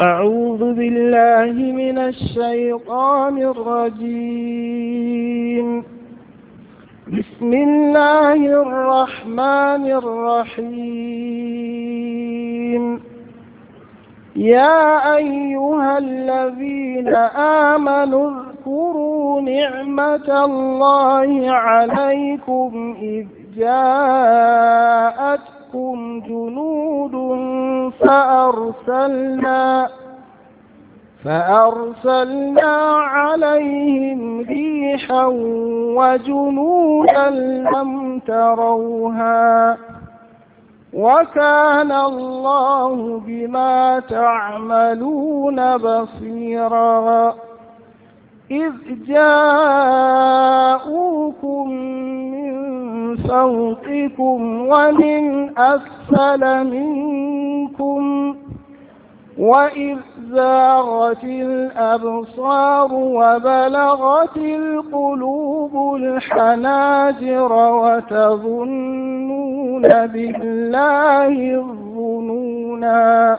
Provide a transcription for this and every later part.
أعوذ بالله من الشيطان الرجيم بسم الله الرحمن الرحيم يا أيها الذين آمنوا اذكروا نعمة الله عليكم إذ جاءتكم جنود فأرسلنا فأرسلنا عليهم ريحا وجنودا لم تروها وكان الله بما تعملون بصيرا إذ جاءوكم فوقكم ومن أسفل منكم وإذ زاغت الأبصار وبلغت القلوب الحناجر وتظنون بالله الظنونا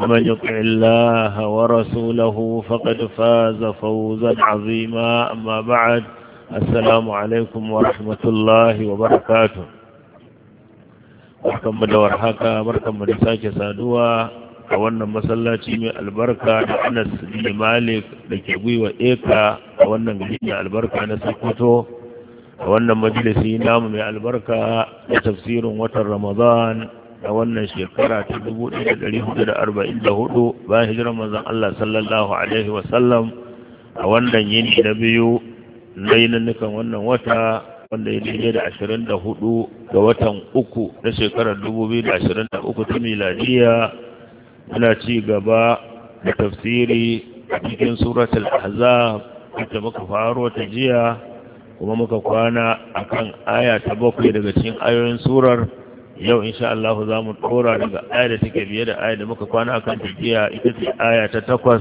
ومن يطع الله ورسوله فقد فاز فوزا عظيما أما بعد السلام عليكم ورحمة الله وبركاته mu da warhaka barkan mu da sake saduwa a wannan masallaci mai albarka da Anas bin Malik da ke eka a na Sokoto a wannan mai albarka da tafsirin watan Ramadan na wannan shekara ta 1444 bayan hijirar manzon Allah sallallahu alaihi wasallam a wannan yini na biyu na yinannukan wannan wata wanda ya daidai da 24 ga watan uku na shekarar 2023 ta miladiya muna ci gaba da tafsiri a cikin suratul ahzab ita muka faro ta jiya kuma muka kwana akan aya ta bakwai daga cikin ayoyin surar yau insha Allah za mu ɗora daga aya da take biye da aya da muka kwana kan tafiya ita ce aya ta takwas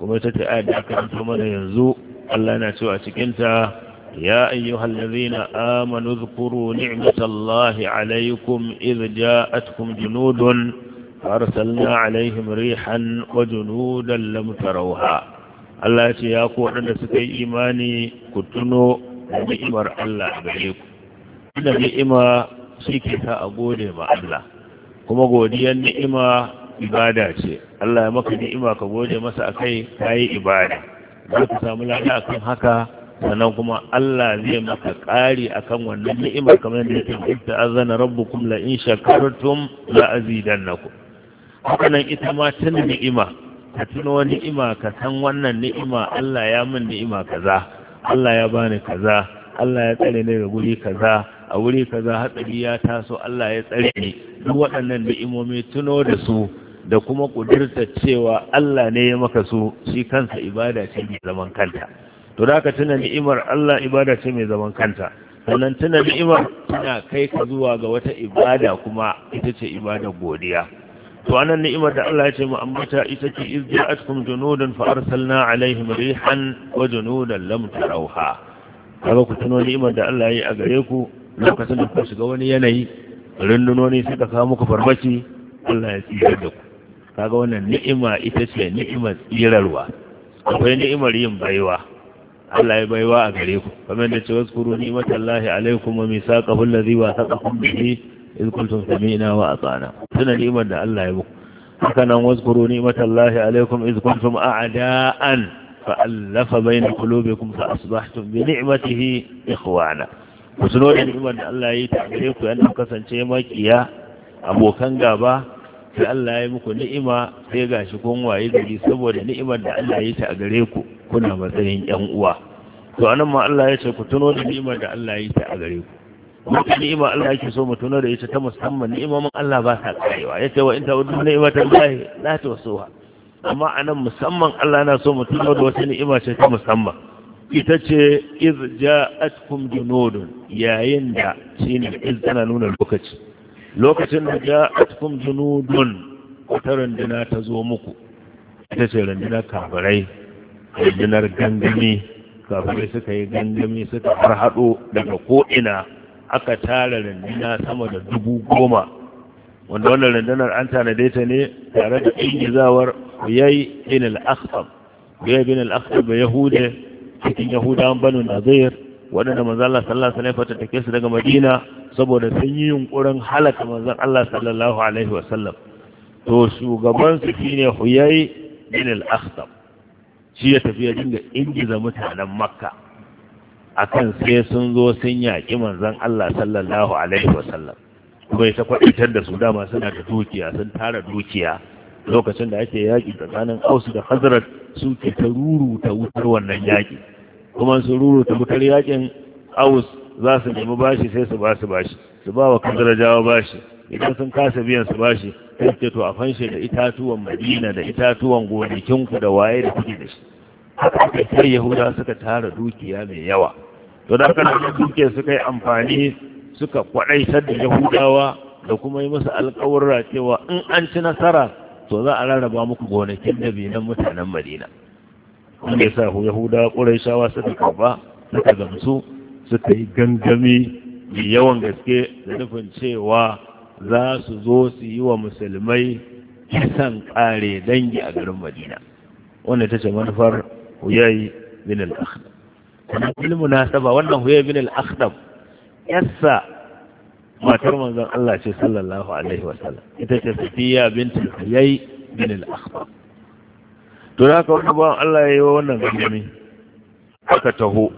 kuma ita ce aya da aka ranto mana yanzu Allah yana cewa cikinta ya ayyuhal ladzina amanu dhkuru ni'matallahi alaykum idh ja'atkum junudun arsalna alaihim rihan wa junudan lam tarawha Allah ya ce ya ku waɗanda suka yi imani ku tuno da Allah gare ku. Ina suke ta a gode ma Allah kuma godiyar ni'ima ibada ce Allah ya maka ni'ima ka gode masa akai kayi ibada za ka samu lada akan haka sannan kuma Allah zai maka ƙari akan wannan ni'ima kamar da yake inta azana rabbukum la in shakartum la azidannakum ku. nan ita ma ta ni'ima ka tuno ni'ima ka san wannan ni'ima Allah ya min ni'ima kaza Allah ya bani kaza Allah ya tsare ni da guri kaza a wuri kaza hatsari ya taso Allah ya tsare ni duk waɗannan ni'imomi tuno da su da kuma ƙudurta cewa Allah ne ya maka su shi kansa ibada ce mai zaman kanta to da ka tuna ni'imar Allah ibada ce mai zaman kanta sannan tuna ni'imar tana kai ka zuwa ga wata ibada kuma ita ce ibada godiya to anan ni'imar da Allah ya ce mu ambata ita ce izja'atkum junudan fa arsalna alaihim rihan wa junudan lam tarauha kaga ku tuno ni'imar da Allah ya yi a gare ku lokacin da ku shiga wani yanayi rundunoni suka kawo muku farmaki Allah ya tsira da ku kaga wannan ni'ima ita ce ni'imar tsirarwa akwai ni'imar yin baiwa Allah ya baiwa a gare ku kamar da ce waskuru ni'matallahi alaikum wa misaqahu allazi wasaqakum bihi iz kuntum sami'na wa ata'na tuna ni'imar da Allah ya muku haka nan waskuru ni'matallahi alaikum iz kuntum a'da'an fa'alafa bayna qulubikum fa asbahtum bi ni'matihi ikhwana ku suno ni'imar da Allah ya yi ta gare ku yana kasance makiya abokan gaba sai Allah ya yi muku ni'ima sai gashi kun waye gari saboda ni'imar da Allah ya yi ta gare ku kuna matsayin yan uwa to anan ma Allah ya ce ku tuno da ni'imar da Allah ya yi ta a gare ku wata ni'ima Allah yake so mu tuno da ita ta musamman ni'imomin Allah ba sa karewa yace wa in ta wudu ta lahi la wasuha amma anan musamman Allah na so mu tuno da wata ni'ima ce ta musamman ita ce iz ja'atkum junudun yayin da shine iz tana nuna lokaci lokacin da ja'atkum junudun wata runduna ta zo muku ita ce rundunar kafirai rundunar gangami kafirai suka yi gangami suka har haɗo daga ko'ina aka tara runduna sama da dubu goma wanda wannan rundunar an tanade ta ne tare da ingizawar yayi bin al-akhtab yayi bin al-akhtab yahude cikin yahudawan banu nazir waɗanda manzo Allah sallallahu alaihi wasallam take su daga Madina saboda sun yi yunkurin halaka manzo Allah sallallahu alaihi wasallam to shugaban su shine Huyai bin al-Akhtab shi ya tafi ya dinga ingiza mutanen Makka akan sai sun zo sun yaƙi manzon Allah sallallahu alaihi wasallam bai ta kwaɗitar da su dama suna da dukiya sun tara dukiya lokacin da ake yaƙi tsakanin ausu da hazrat su ke ta ruruta wutar wannan yaƙi kuma su ruruta wutar yaƙin aus za su nemi bashi sai su ba su bashi su ba wa jawa bashi idan sun kasa biyan su bashi sai ce to a fanshe da itatuwan madina da itatuwan gonakinku da waye da kuke da shi haka aka sai yahuda suka tara dukiya mai yawa to da haka da dukiya suka yi amfani suka kwadaitar da yahudawa da kuma yi musu alƙawarra cewa in an ci nasara to za a rarraba muku gonakin dabinan mutanen madina wanda ya sa ƙurai shawa suka karba suka gamsu suka yi gangami mai yawan gaske da nufin cewa za su zo su yi wa musulmai kisan ƙare dangi a garin madina wanda ta ce manufar huyayi bin al-akhdam munasaba wannan huyayi bin al-akhdam yassa matar manzon Allah ce sallallahu alaihi sallam ita ce Safiya bint yayi bin al akhbar to da ka wani bawan Allah ya yi wannan gami aka taho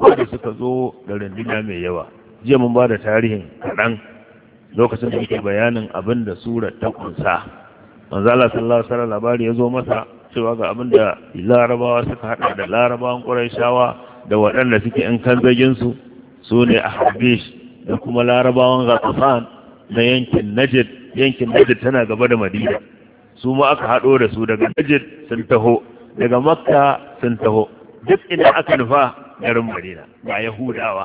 wanda suka zo da rindina mai yawa jiya mun bada tarihin kaɗan lokacin da muke bayanin abinda da surar ta kunsa manzon Allah sallallahu alaihi sallam labari ya zo masa cewa ga abin da larabawa suka haɗa da larabawan ƙurayshawa da waɗanda suke in kan zagin su su ne a habish da kuma larabawan ghatasan na yankin najid yankin najid tana gaba da madina su ma aka haɗo da su daga najid sun taho daga makka sun taho duk inda aka nufa garin madina ba yahudawa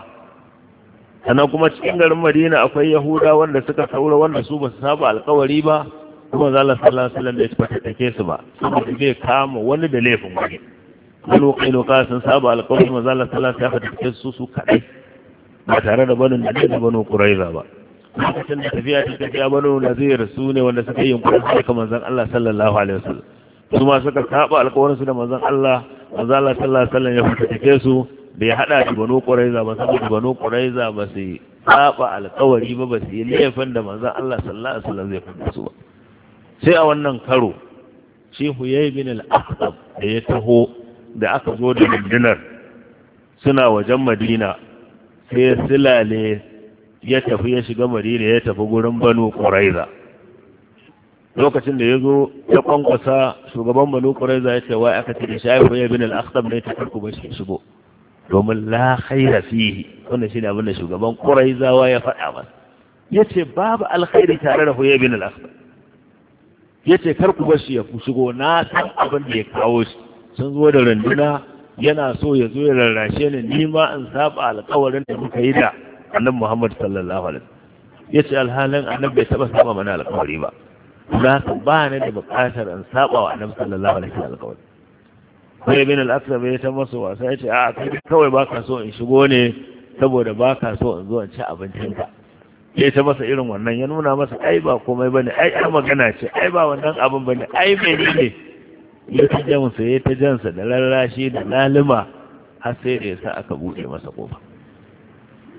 sannan kuma cikin garin madina akwai yahuda wanda suka saura wanda su ba su saba alkawari ba kuma zala sallallahu alaihi wasallam fata take su ba saboda zai kama wani da laifin wani wani wakilu sun saba alkawari kuma zala sallallahu alaihi wasallam ya take su su kaɗai ba tare da banin nadir da banu quraiza ba lokacin da tafiya ta tafiya banu nadir su ne wanda suka yi kuma suka manzan Allah sallallahu alaihi wasallam su ma suka saba alƙawarin su da manzan Allah manzan Allah sallallahu alaihi wasallam ya take su bai hada shi banu quraiza ba saboda banu quraiza ba su saba alƙawari ba ba su yi laifin da manzan Allah sallallahu alaihi wasallam zai fada su ba sai a wannan karo shi huyay bin al-aqtab da ya taho da aka zo da rundunar suna wajen madina sai silale ya tafi ya shiga madina ya tafi gurin banu ƙuraiza lokacin da ya zo ya kwankwasa shugaban banu ƙuraiza ya ce wai aka ce da shafi ya bin al'akhtar ne ta farko ba shi shigo domin la khaira fihi wannan shine abin da shugaban wa ya faɗa masa yace babu alkhairi tare da huyay bin al-akhbar yace kar ku bar shi ya shigo na san abin da ya kawo shi sun zo da runduna yana so ya zo ya rarrashe ni ni ma in saba alƙawarin da muka yi da annabi Muhammad sallallahu alaihi wasallam yace alhalin annabi bai saba saba mana alƙawari ba za ka ba ne da buƙatar in saba wa annabi sallallahu alaihi wasallam alƙawari sai ibn al-aslam bai ta masa sai yace a kai kawai baka so in shigo ne saboda baka so in zo in ci abincin ka sai ta masa irin wannan ya nuna masa ai ba komai bane ai ai magana ce ai ba wannan abin bane ai bai ne ya ta jansa ya ta jansa da lallashi da lalima har sai da yasa aka buɗe masa ƙofa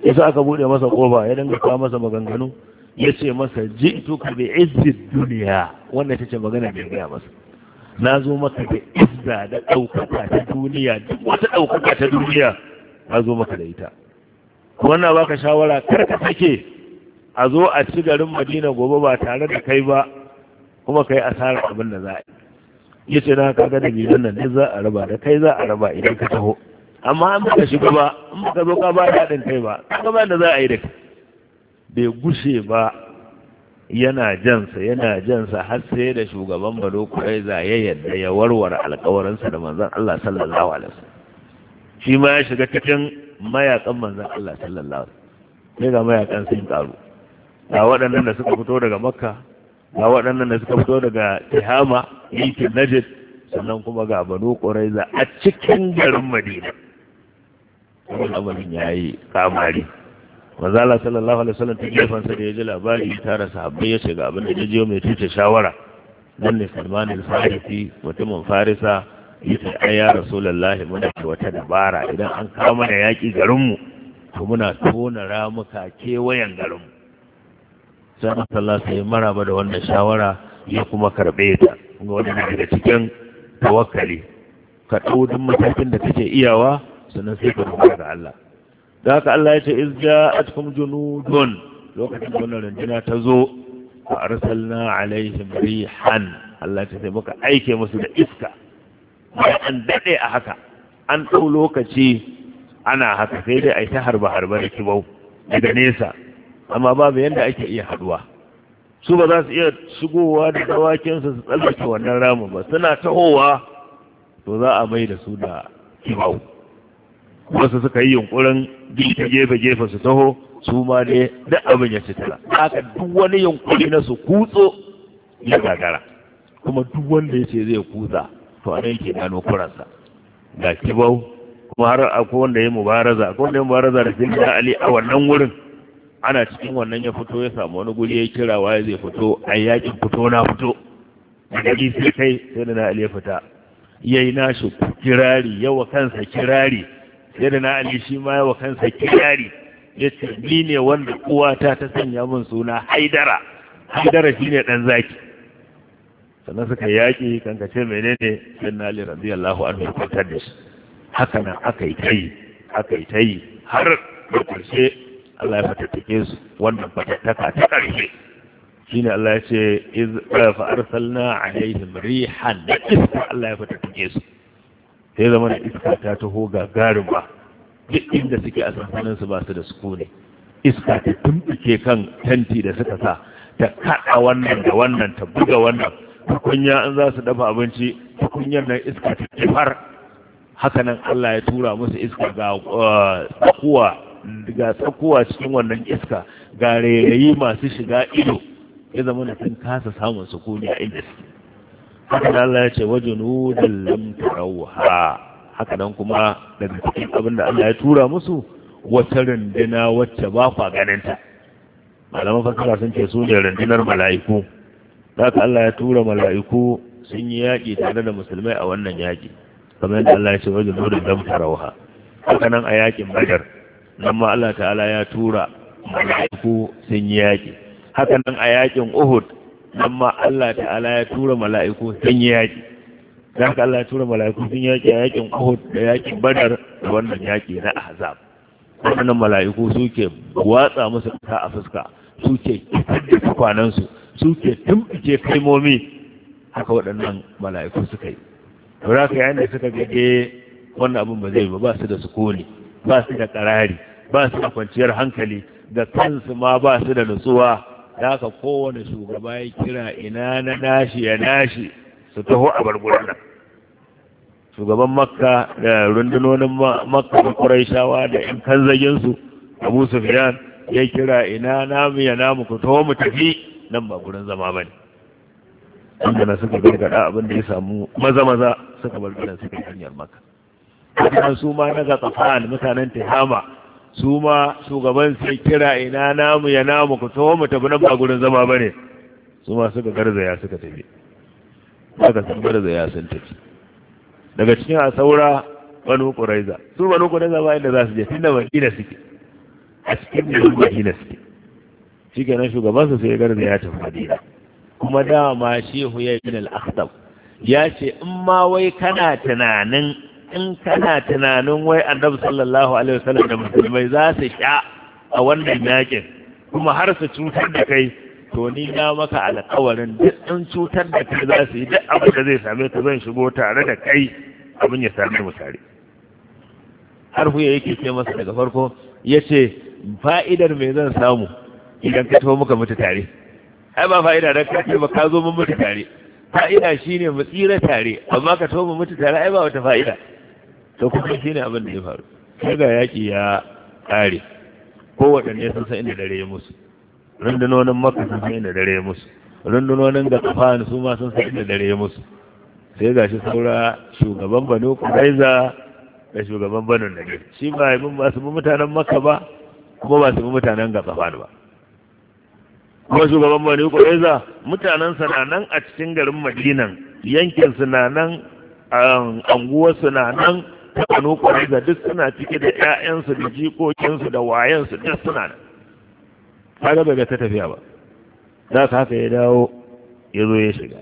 yasa aka buɗe masa ƙofa ya dinga kawo masa maganganu ya ce masa ji ka bi izzi duniya wannan ta ce magana bai gaya masa na zo maka da izza da ɗaukaka ta duniya duk wata ɗaukaka ta duniya na zo maka da ita wannan baka shawara kar ka sake a zo a ci garin madina gobe ba tare da kai ba kuma kai asarar abin da za a yi ya ce na kaga da gidan nan ne za a raba da kai za a raba idan ka taho amma an baka shiga ba an baka zo ka ba da haɗin kai ba ka ba da za a yi da bai gushe ba yana jansa yana jansa har sai da shugaban bado za ya yadda ya warware alkawarinsa da manzon Allah sallallahu alaihi wasallam shi ma ya shiga cikin mayakan manzon Allah sallallahu alaihi wasallam sai ga mayakan sun karu ga waɗannan da suka fito daga makka ga waɗannan da suka fito daga tihama yankin najid sannan kuma ga banu ƙuraiza a cikin garin madina wani abin ya yi kamari mazala sallallahu alaihi wasallam ta sa da ya ji labari ta tara sahabbai ya ce ga abin da ya jiyo mai tuce shawara nan ne salman al-farisi mutumin farisa ya ce ai ya rasulullahi muna da wata dabara idan an kama da yaƙi garinmu to muna tona ramuka kewayen garinmu sai Allah sallallahu alaihi maraba da wannan shawara ya kuma karbe ta ga wani daga cikin tawakkali ka dau matakin da kake iyawa sannan sai ka dogara ga Allah da haka Allah ya ce iz atkum junudun lokacin da wannan runduna ta zo fa arsalna alaihim rihan Allah ya sai muka aike musu da iska an dade a haka an dau lokaci ana haka sai dai ai ta harba harba da kibau daga nesa amma babu yadda ake iya haduwa su ba za su iya shigowa da dawakinsu su tsallake wannan ramin ba suna tahowa to za a mai da su da kibau wasu suka yi yunkurin gefe-gefe su taho su ma ne da abin ya citara haka duk wani yunkuri na su kutso ya gagara kuma duk wanda ya ce zai kutsa to a nan ke gano kuransa Da kibau kuma har akwai wanda ya mubaraza akwai wanda ya mubaraza da jirgin ali a wannan wurin ana cikin wannan ya fito ya samu wani guri ya kira waye zai fito ai yakin fito na fito annabi sai kai sai na ali ya fita yayi nashi kirari yawa kansa kirari sai da na ali shi ma yawa kansa kirari yace ni ne wanda uwata ta sanya min suna haidara haidara shine dan zaki sannan suka yaƙi kankace menene sai na ali radiyallahu anhu ya kwantar da shi haka nan aka yi ta har da ƙarshe Allah ya fatattake su wannan fatattaka ta ƙarshe shine Allah ya ce iz eh, fa arsalna alaihim rihan da iska Allah ya fatattake su sai zama da iska ta taho gagarin ba duk inda suke a sansanin su ba su da sukuni iska ta tumbuke kan tanti da suka sa ta kaɗa wannan da wannan ta buga wannan tukunya an za su dafa abinci tukunyar nan iska ta kifar haka nan Allah ya tura musu iska ga eh, kuwa ga tsakowa cikin wannan iska ga rayayi masu shiga ido ya zama na sun kasa samun sukuni a inda suke haka da Allah ya ce waje nudan lam haka nan kuma daga cikin abin da Allah ya tura musu wata rundina wacce ba kwa ganinta malaman fasara sun ce su ne rundunar mala'iku haka Allah ya tura mala'iku sun yi yaƙi tare da musulmai a wannan yaƙi kamar yadda Allah ya ce waje nudan lam haka nan a yaƙin badar nan ma Allah ta'ala ya tura mala'iku sun yi yaƙi haka nan a yaƙin Uhud nan ma Allah ta'ala ya tura mala'iku sun yi yaƙi dan haka Allah ya tura mala'iku sun yi yaƙi a yaƙin Uhud da yaƙin Badar da wannan yaƙi na azab wannan mala'iku suke watsa musu ta a fuska suke kifar kwanansu suke tumɓuke kaimomi haka waɗannan mala'iku suka yi. za ka yi da suka gaje eh, wannan abin ba zai ba ba su da sukuni ba su da ƙarari ba su da kwanciyar hankali da kansu ma ba su da nutsuwa da haka kowane shugaba ya kira ina na nashi ya nashi su taho a bargunan shugaban makka da rundunonin makka da shawa da yan kanzaginsu abu sufiyan ya kira ina namu ya namu ku taho mu tafi nan ba gurin zama ba ne inda na suka gargada abin da ya samu maza maza suka bar gidan suka hanyar makka Kuma su ma na gatsafan mutanen tehama su ma shugaban sai kira ina namu ya namu ku tsohon mu tafi nan ba gudun zama ba ne su ma suka garzaya suka tafi aka garza garzaya sun tafi daga cikin a saura banu ƙuraiza su banu ƙuraiza ba inda za su je tunda na suke a cikin birnin madina suke shi kenan shugaban su sai garzaya ya tafi madina kuma dama shehu ya yi al-akhtab ya ce in ma wai kana tunanin in kana tunanin wai annabi sallallahu alaihi wasallam da musulmai za su sha a wannan yakin kuma har su cutar da kai to ni na maka alƙawarin duk in cutar da kai za su yi duk abin da zai same ka zan shigo tare da kai abin ya same mu tare har huya yake ce masa daga farko ya ce fa'idar me zan samu idan ka tafi muka mutu tare ai ba fa'ida da ka ce ba ka zo mun mutu tare fa'ida shine mu tsira tare amma ka tafi mu mutu tare ai ba wata fa'ida to kuma shi ne abin da ya faru daga yaƙi ya ƙare kowaɗanne sun san inda dare musu rundunonin maka sun san inda dare musu rundunonin ga kafan su ma sun san inda dare musu sai ga shi saura shugaban banu kuraiza da shugaban banu nadir shi ba yi ba su bi mutanen maka ba kuma ba su bi mutanen ga kafan ba kuma shugaban banu kuraiza mutanen na nan a cikin garin madinan yankin su na nan um, su na nan ta banu ƙwararza duk suna cike da ƴaƴansu da jikokinsu da wayansu duk suna da ta gaba ga ta tafiya ba za ka haka ya dawo ya zo ya shiga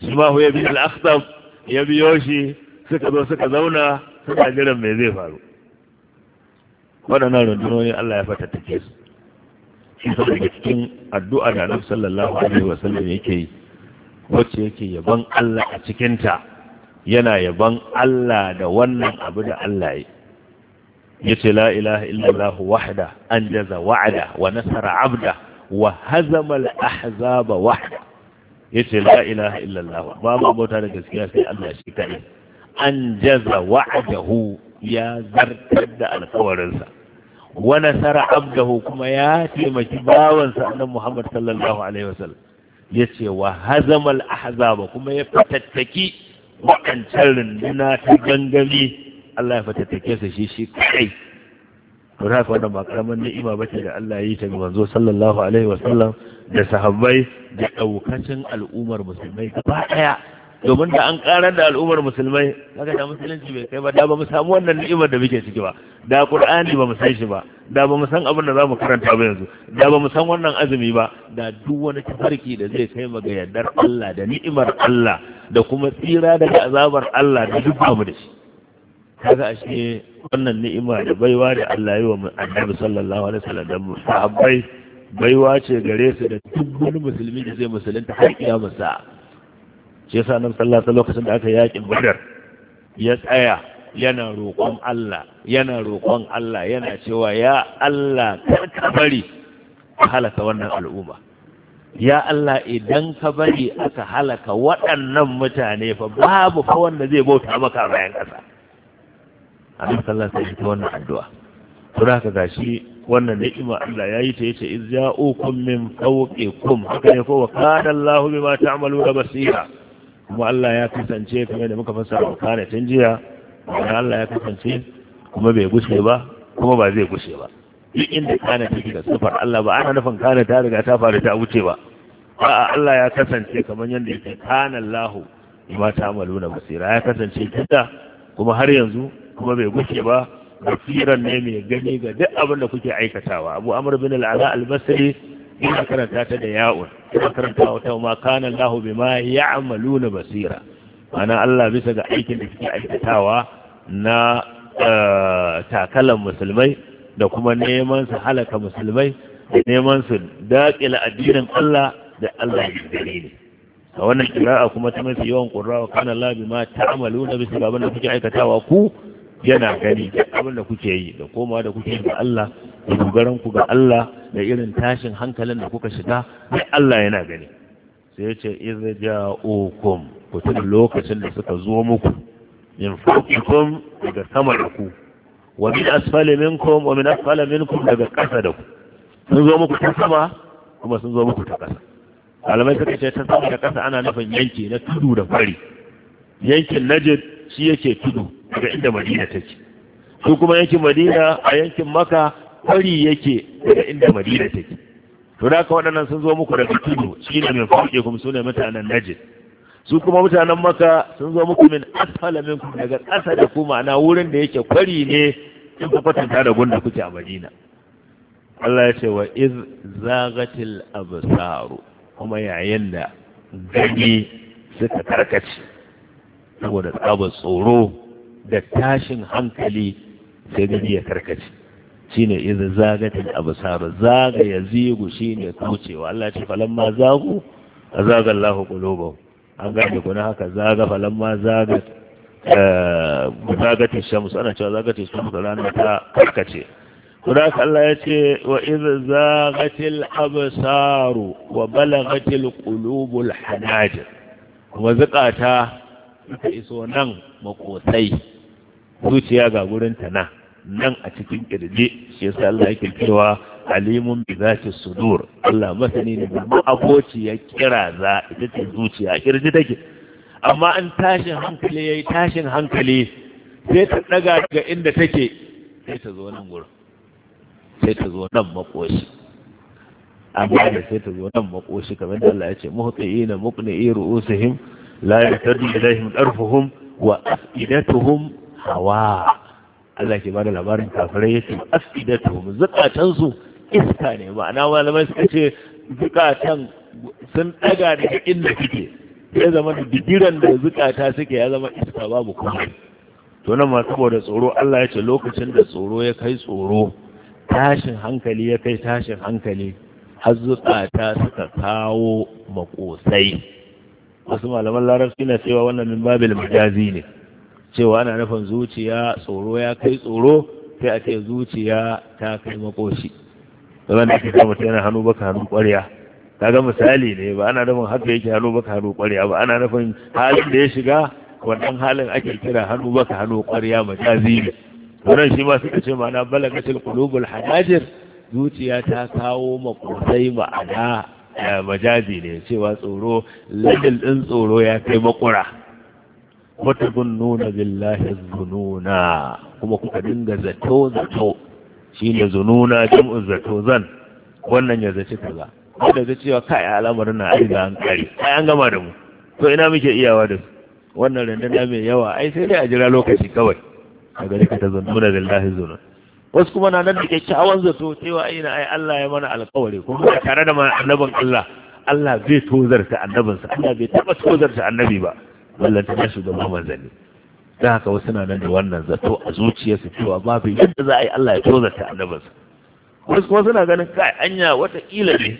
shi ma ya bi al'akhtab ya biyo shi suka zo suka zauna suna jiran me zai faru waɗannan rundunoni Allah ya fatattake su shi sau daga cikin addu'a da Annabi sallallahu alaihi wasallam yake yi wacce yake yaban Allah a cikinta yana yaban Allah da wannan abu da Allah yi yace la ilaha illallah wahda anjaza wa'da wa nasara 'abda wa hazama al-ahzaba wahda yace la ilaha illallah babu bauta da gaskiya sai Allah shi kai anjaza wa'dahu ya zartar da alƙawarinsa wa nasara 'abdahu kuma ya taimaki bawansa annabi Muhammad sallallahu alaihi wasallam yace wa hazama al-ahzaba kuma ya fatattaki waɗancan runduna ta gangami Allah ya fatattake sa shi shi kai to haka wannan ba karamin ni'ima bace da Allah ya yi ta manzo sallallahu alaihi wa sallam. da sahabbai da daukacin al'ummar musulmai gaba daya domin da an karar da al'ummar musulmai kaga da musulunci bai kai ba da ba mu samu wannan ni'imar da muke ciki ba da qur'ani ba mu san shi ba da ba mu san abin da zamu karanta ba yanzu da ba mu san wannan azumi ba da duk wani tafarki da zai kai mu ga yardar Allah da ni'imar Allah da kuma tsira daga azabar Allah da duk ba mu da shi kaga ashe wannan ni'ima da baiwa da Allah ya yi wa Annabi sallallahu alaihi wasallam da sahabbai baiwa ce gare su da duk wani musulmi da zai musulunta har kiyama sa'a shi yasa nan ta lokacin da aka yaƙin badar ya tsaya yana roƙon Allah yana roƙon Allah yana cewa ya Allah kar ka bari halaka wannan al'umma ya Allah idan ka bari aka halaka waɗannan mutane fa babu fa wanda zai bauta maka bayan ƙasa Allah sallallahu alaihi wasallam wannan addu'a don ka gashi wannan ni'ima Allah yayi ta yace iz ja'ukum min fawqikum haka ne ko wa kana Allahu bima ta'maluna basira kuma Allah ya kasance kamar da muka fassara kana tun jiya kuma Allah ya kasance kuma bai gushe ba kuma ba zai gushe ba duk inda kana take da sifar Allah ba ana nufin kana ta riga ta faru ta wuce ba a'a Allah ya kasance kamar yadda yake kana Allahu ta ta'maluna basira ya kasance kida kuma har yanzu kuma bai gushe ba basiran ne mai gani ga duk abin da kuke aikatawa Abu Amr bin al-Ala al-Basri yana karanta ta da ya'un kuma karanta wata ma ya Allah bima ya'maluna basira ana Allah bisa ga aikin da suke aikatawa na eh, takalan musulmai da kuma neman su halaka musulmai da neman su daƙila addinin Allah da Allah ya gari ne a wannan kira'a kuma ta mafi yawan ƙurra wa kana Allah bima ta'maluna bisa ga da kuke aikatawa ku yana gani da abin da kuke yi da komawa da kuke ga Allah da dogaran ku ga Allah da irin tashin hankalin da kuka shiga sai Allah yana gani sai yace idza ja'ukum ku tun lokacin da suka zo muku min fawqikum daga sama da ku wa min asfali minkum wa min asfali minkum daga kasa da ku sun zo muku ta sama kuma sun zo muku ta kasa alamai suka ce ta sama da kasa ana nufin yanki na tudu da fari yankin najid shi yake tudu daga inda madina take su kuma yankin madina a yankin maka kwari yake daga inda madina take to da waɗannan sun zo muku daga tudu shi ne mai fauke kuma su ne mutanen najin su kuma mutanen maka sun zo muku min asfala kuma daga ƙasa da kuma na wurin da yake kwari ne in ku kwatanta da gunda kuke a madina Allah ya ce wa iz zagatil absaru kuma yayin da gani suka karkace saboda tsabar tsoro da tashin hankali sai gani ya karkace shine idza zagatil absar zaga ya zigu shi ne kaucewa Allah ce falon ma zagu zagar lahu qulubahum an gane kuna haka zaga ma zaga eh, zagatin shamus ana cewa zagatin shamus ranar ta karkace kuna ka Allah ya ce wa idza zagatil absaru wa balagatil qulubul hanajin kuma zakata ta iso nan makosai zuciya ga gurin ta na nan a cikin kirje shi yasa Allah yake cewa alimun bi zati sudur Allah masani ne da aboci ya kira za ita ce zuciya kirje take amma an tashin hankali yayi tashin hankali sai ta daga daga inda take sai ta zo nan gurin sai ta zo nan makoshi amma da sai ta zo nan makoshi kamar da Allah ya ce muhtiina muqni ru'usihim la yatadu ilaihim tarfuhum wa afidatuhum Hawa Allah ke bada labarin kafirai yace da zakatan su iska ne ma'ana malamai suka ce zukatan sun daga daga inda suke ya zama digiran da zukata suke ya zama iska babu kuma to nan ma saboda tsoro Allah ya ce lokacin da tsoro ya kai tsoro tashin hankali ya kai tashin hankali har zukata suka kawo makosai wasu malaman larabci na cewa wannan min babil majazi ne cewa ana nufin zuciya tsoro ya kai tsoro sai a ce zuciya ta kai makoshi zama da ake kama yana hannu baka hannu kwarya ga misali ne ba ana nufin haka yake hannu baka hannu kwarya ba ana nufin halin da ya shiga wannan halin ake kira hannu baka hannu kwarya ta ne wannan shi ma suka ce ma'ana balagacin kulubul hanajir zuciya ta kawo makosai ma'ana eh, majazi ne cewa tsoro ladil din tsoro ya kai makura wata zunnuna billahi zununa kuma kuka dinga zato zato Shi ne zununa jam'u zato zan wannan ya zaci kaza wanda ga cewa kai al'amarin na aida an kare ai an gama da mu to ina muke iyawa da su wannan rundunar mai yawa ai sai dai a jira lokaci kawai a gari ka ta zununa billahi zununa wasu kuma na nan da kyakkyawan zato cewa ai na ai Allah ya mana alƙawari kuma tare da annabin Allah Allah zai tozarta annabinsa Allah bai taɓa tozarta annabi ba ballanta da shugaban manzanni ta haka wasu na nan da wannan zato a zuciyarsu cewa babu yadda za a yi Allah ya ta annabinsa wasu kuma suna ganin kai anya watakila ne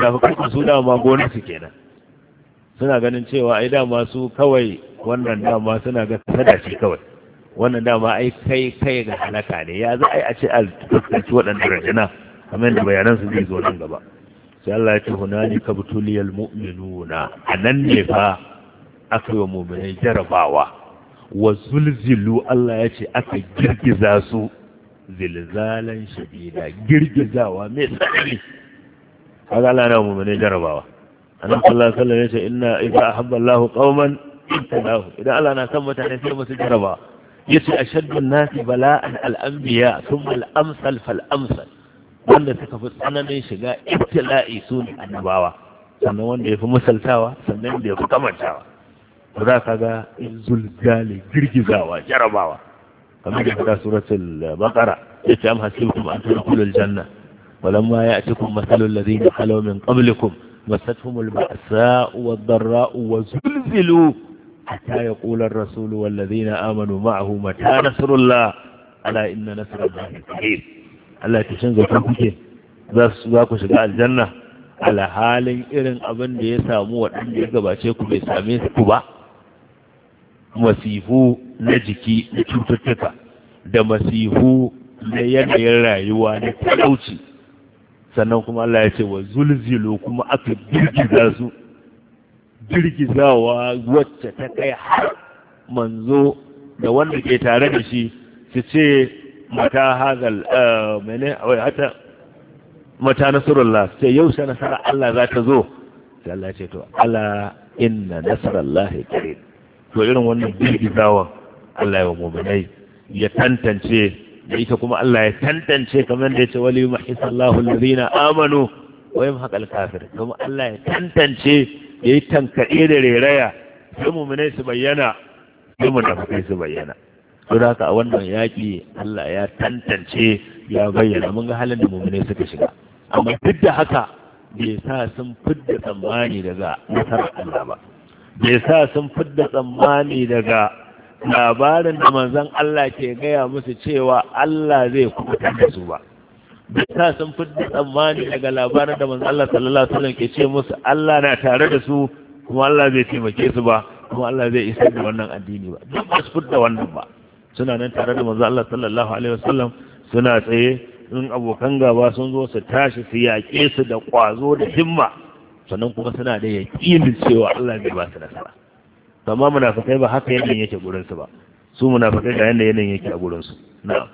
Da kuma su dama gonar su kenan suna ganin cewa ai dama su kawai wannan dama suna ga sada shi kawai wannan dama ai kai kai ga halaka ne ya za a yi a ce al fuskanci waɗanda rajina kamar da bayanan su zai zo nan gaba sai Allah ya ce hunalika kabtuliyal mu'minuna anan ne fa aka yi wa muminai jarabawa wa zulzilu Allah ya ce aka girgiza su zilzalan shadida girgizawa mai tsanani kaga Allah na muminai jarabawa annabi sallallahu alaihi wasallam ya ce inna idza ahabba Allahu qauman ibtalahu idan Allah na san mutane sai musu jarabawa yace ashaddu an-nasi bala'an al-anbiya thumma al-amsal fal-amsal wanda suka fi tsananin shiga ibtila'i su ne annabawa sannan wanda ya fi misaltawa sannan da ya fi kamantawa to za ka ga zulzali girgizawa jarabawa kamar da ta eh, Ya baqara yace am kuma an kulul janna ma ya walamma ya'tikum mathalul ladina khalaw min qablikum massatuhumul ba'sa'u wad-dharra'u wa zulzilu hatta yaqula ar-rasulu wal ladina amanu ma'ahu mata nasrullah ala inna nasrallahi qarib Allah ya canza ku kuke za su ku shiga aljanna ala halin irin abin da ya samu waɗanda ya gabace ku bai same ku ba masifu na jiki na cututtuka da masifu na yanayin rayuwa na talauci sannan kuma Allah ya ce wa zulzilo kuma aka girgiza su girgizawa wacce ta kai har manzo da wanda ke tare da shi su ce mata hazal eh, mene wai hata mata nasarullah ce yau sai nasara Allah za ta zo sai Allah ya ce to ala inna nasarallahi qarib to irin wannan girgizawan Allah ya wa ya tantance da ita kuma Allah ya tantance kamar da ya ce wali mahisallahu alladhina amanu wa yin haƙal kafir kuma Allah ya tantance ya yi tankade da reraya sai mu'minai su bayyana sai munafikai su bayyana don haka a wannan yaƙi Allah ya tantance ya bayyana mun ga halin da mu'minai suka shiga amma duk da haka bai sa sun fidda tsammani daga nasarar Allah ba Mai sa sun fidda tsammani daga labarin da manzon Allah ke gaya musu cewa Allah zai kubutar da su ba Mai sa sun fidda tsammani daga labarin da manzon Allah sallallahu alaihi wasallam ke ce musu Allah na tare da su kuma Allah zai taimake su ba kuma Allah zai isar da wannan addini ba duk ba su fidda wannan ba suna nan tare da manzon Allah sallallahu alaihi wasallam suna tsaye in abokan gaba sun zo su tashi su yaƙe su da ƙwazo da himma sannan kuma suna da yaƙinin cewa Allah bai ba su da nasara to amma munafikai ba haka yanayin yake gurin su ba su muna munafikai ga yanda yanayin yake a gurin su na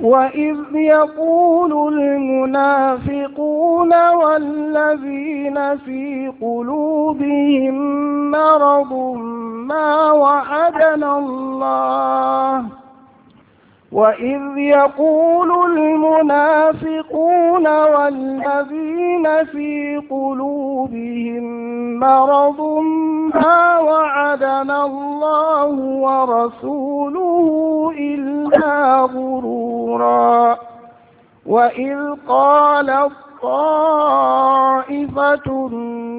wa idh yaqulu al-munafiquna wal-ladhina fi qulubihim maradun ma wa'adana Allah وَإِذْ يَقُولُ الْمُنَافِقُونَ وَالَّذِينَ فِي قُلُوبِهِم مَّرَضٌ مَّا وَعَدَنَا اللَّهُ وَرَسُولُهُ إِلَّا غُرُورًا وَإِذْ قَالَت طَائِفَةٌ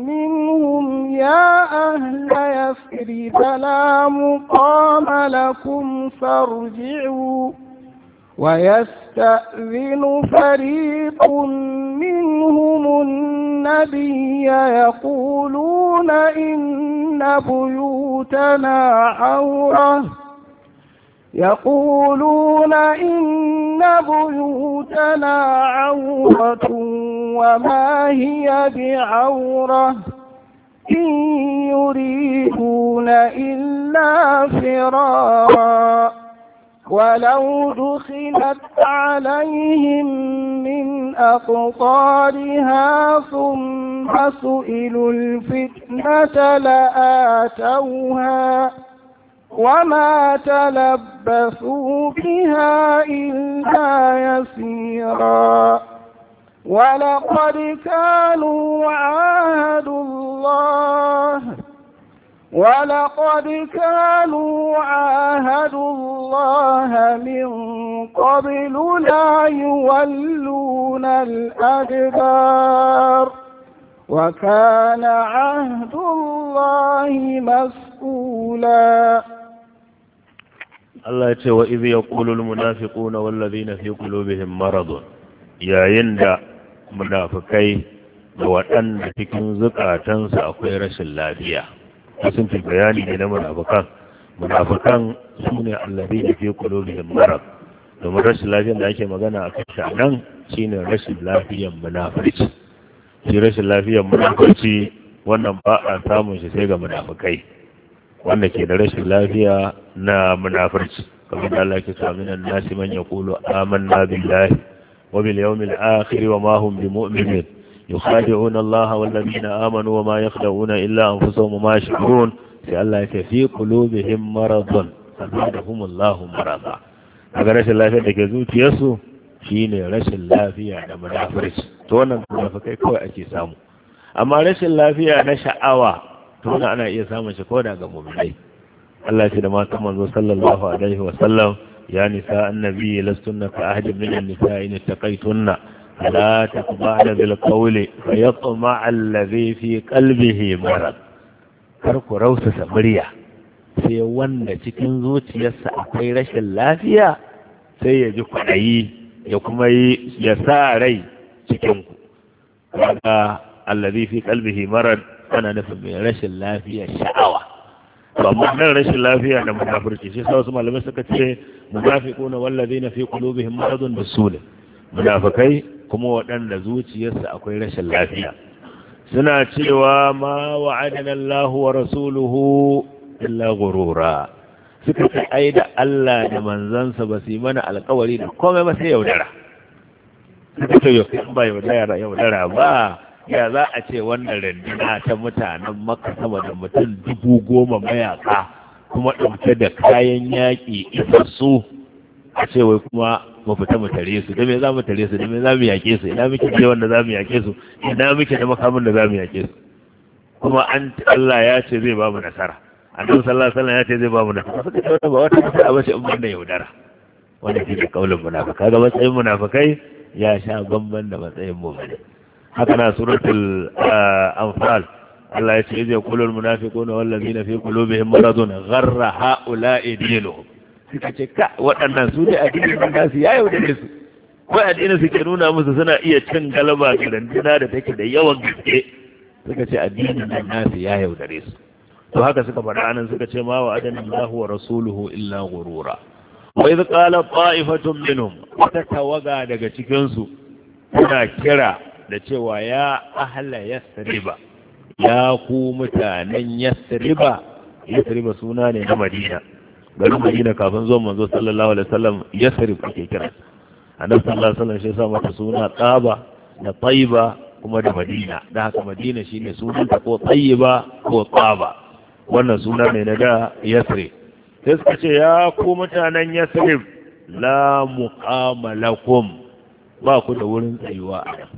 مِّنْهُمْ يَا أَهْلَ يَثْرِبَ لَا مُقَامَ لَكُمْ فَارْجِعُوا ويستأذن فريق منهم النبي يقولون إن بيوتنا عورة يقولون إن بيوتنا عورة وما هي بعورة إن يريدون إلا فرارا ولو دخلت عليهم من أقطارها ثم سئلوا الفتنة لآتوها وما تلبثوا بها إلا يسيرا ولقد كانوا عاهدوا الله ولقد كانوا عاهدوا الله من قبل لا يولون الأدبار وكان عهد الله مسؤولا الله يتوى إذ يقول المنافقون والذين في قلوبهم مرض يا يندى منافقين وأن في كنزقاتنس أخير سلافيه sun fi bayani ne na munafakan munafakan su ne allabi da fi kulubihim marab domin rashin lafiyar da ake magana a kan shanan shi ne rashin lafiyar munafurci shi rashin lafiyar munafurci wannan ba a samun shi sai ga munafakai wanda ke da rashin lafiya na munafurci kamar da Allah ke sa minan nasi man yaqulu amanna billahi wa bil yawmil akhir wa ma hum bimu'minin يخادعون الله والذين آمنوا وما يخدعون إلا أنفسهم وما يشعرون sai Allah ya fi qulubihim maradun fazadahum Allahu marada kaga rashin lafiya da ke zuciyarsu shine rashin lafiya da munafurci to wannan munafikai kawai ake samu amma rashin lafiya na sha'awa to ana iya samun shi ko daga ga mu'minai Allah ya da matan manzo sallallahu alaihi wa sallam ya nisa annabi lastunna ka ahadin min فلا تقبعن بالقول فيطمع الذي في قلبه مرض karku rausasa murya sai wanda cikin zuciyarsa akwai rashin lafiya sai ya ji kwaɗayi ya kuma yi ya sa rai cikinku kaga allazi fi qalbihi marad ana nufin mai rashin lafiya sha'awa to amma nan rashin lafiya da munafurci shi sa wasu malamai suka ce munafiquna wallazina fi qulubihim maradun bisulun munafikai kuma waɗanda zuciyarsu akwai rashin lafiya suna cewa ma wa'adana Allah wa rasuluhu illa ghurura suka ce ai da Allah da manzansa ba su yi mana alkawari da komai ba sai yaudara suka ce yau ba yaudara yaudara ba ya za a ce wannan rindina ta mutanen maka sama da mutum dubu goma mayaka kuma ɗauke da kayan yaƙi isassu a ce wai kuma mu fita mu tare su da me za mu tare su da me za mu yake su ina muke da wanda za mu yake su ina muke da makamin da za mu yake su kuma an Allah ya ce zai ba mu nasara annabi sallallahu alaihi wasallam ya ce zai ba mu nasara suka ce wata ba wata ba a in umman da yaudara wanda ke da kaulin munafika ga matsayin munafikai ya sha bamban da matsayin mu'mini haka na suratul ah, anfal Allah ya ce idh yaqulul munafiquna wal ladina fi qulubihim maradun gharra ha'ula'i dinuhum suka ce ka waɗannan su ne addinin nan nasu ya yau da su ko addinin suke nuna musu suna iya cin galaba ga randuna da take da yawan gaske suka ce addinin nan nasu ya yau da su to haka suka faɗa anan suka ce ma wa adanin lahu wa rasuluhu illa gurura wa idh qala qa'ifatun minhum wata tawaga daga cikin su suna kira da cewa ya ahla yasriba ya ku mutanen yasriba yasriba suna ne na madina garin Madina kafin zuwan manzo sallallahu alaihi wasallam Yasrib ake kira annabi sallallahu alaihi wasallam shi ya sa mata suna Qaba da tayyiba kuma da Madina da haka Madina shine sunan ta ko tayyiba ko Qaba wannan suna ne da Yasrib sai suka ce ya ku mutanen Yasrib la muqama lakum ba ku da wurin tsayuwa a nan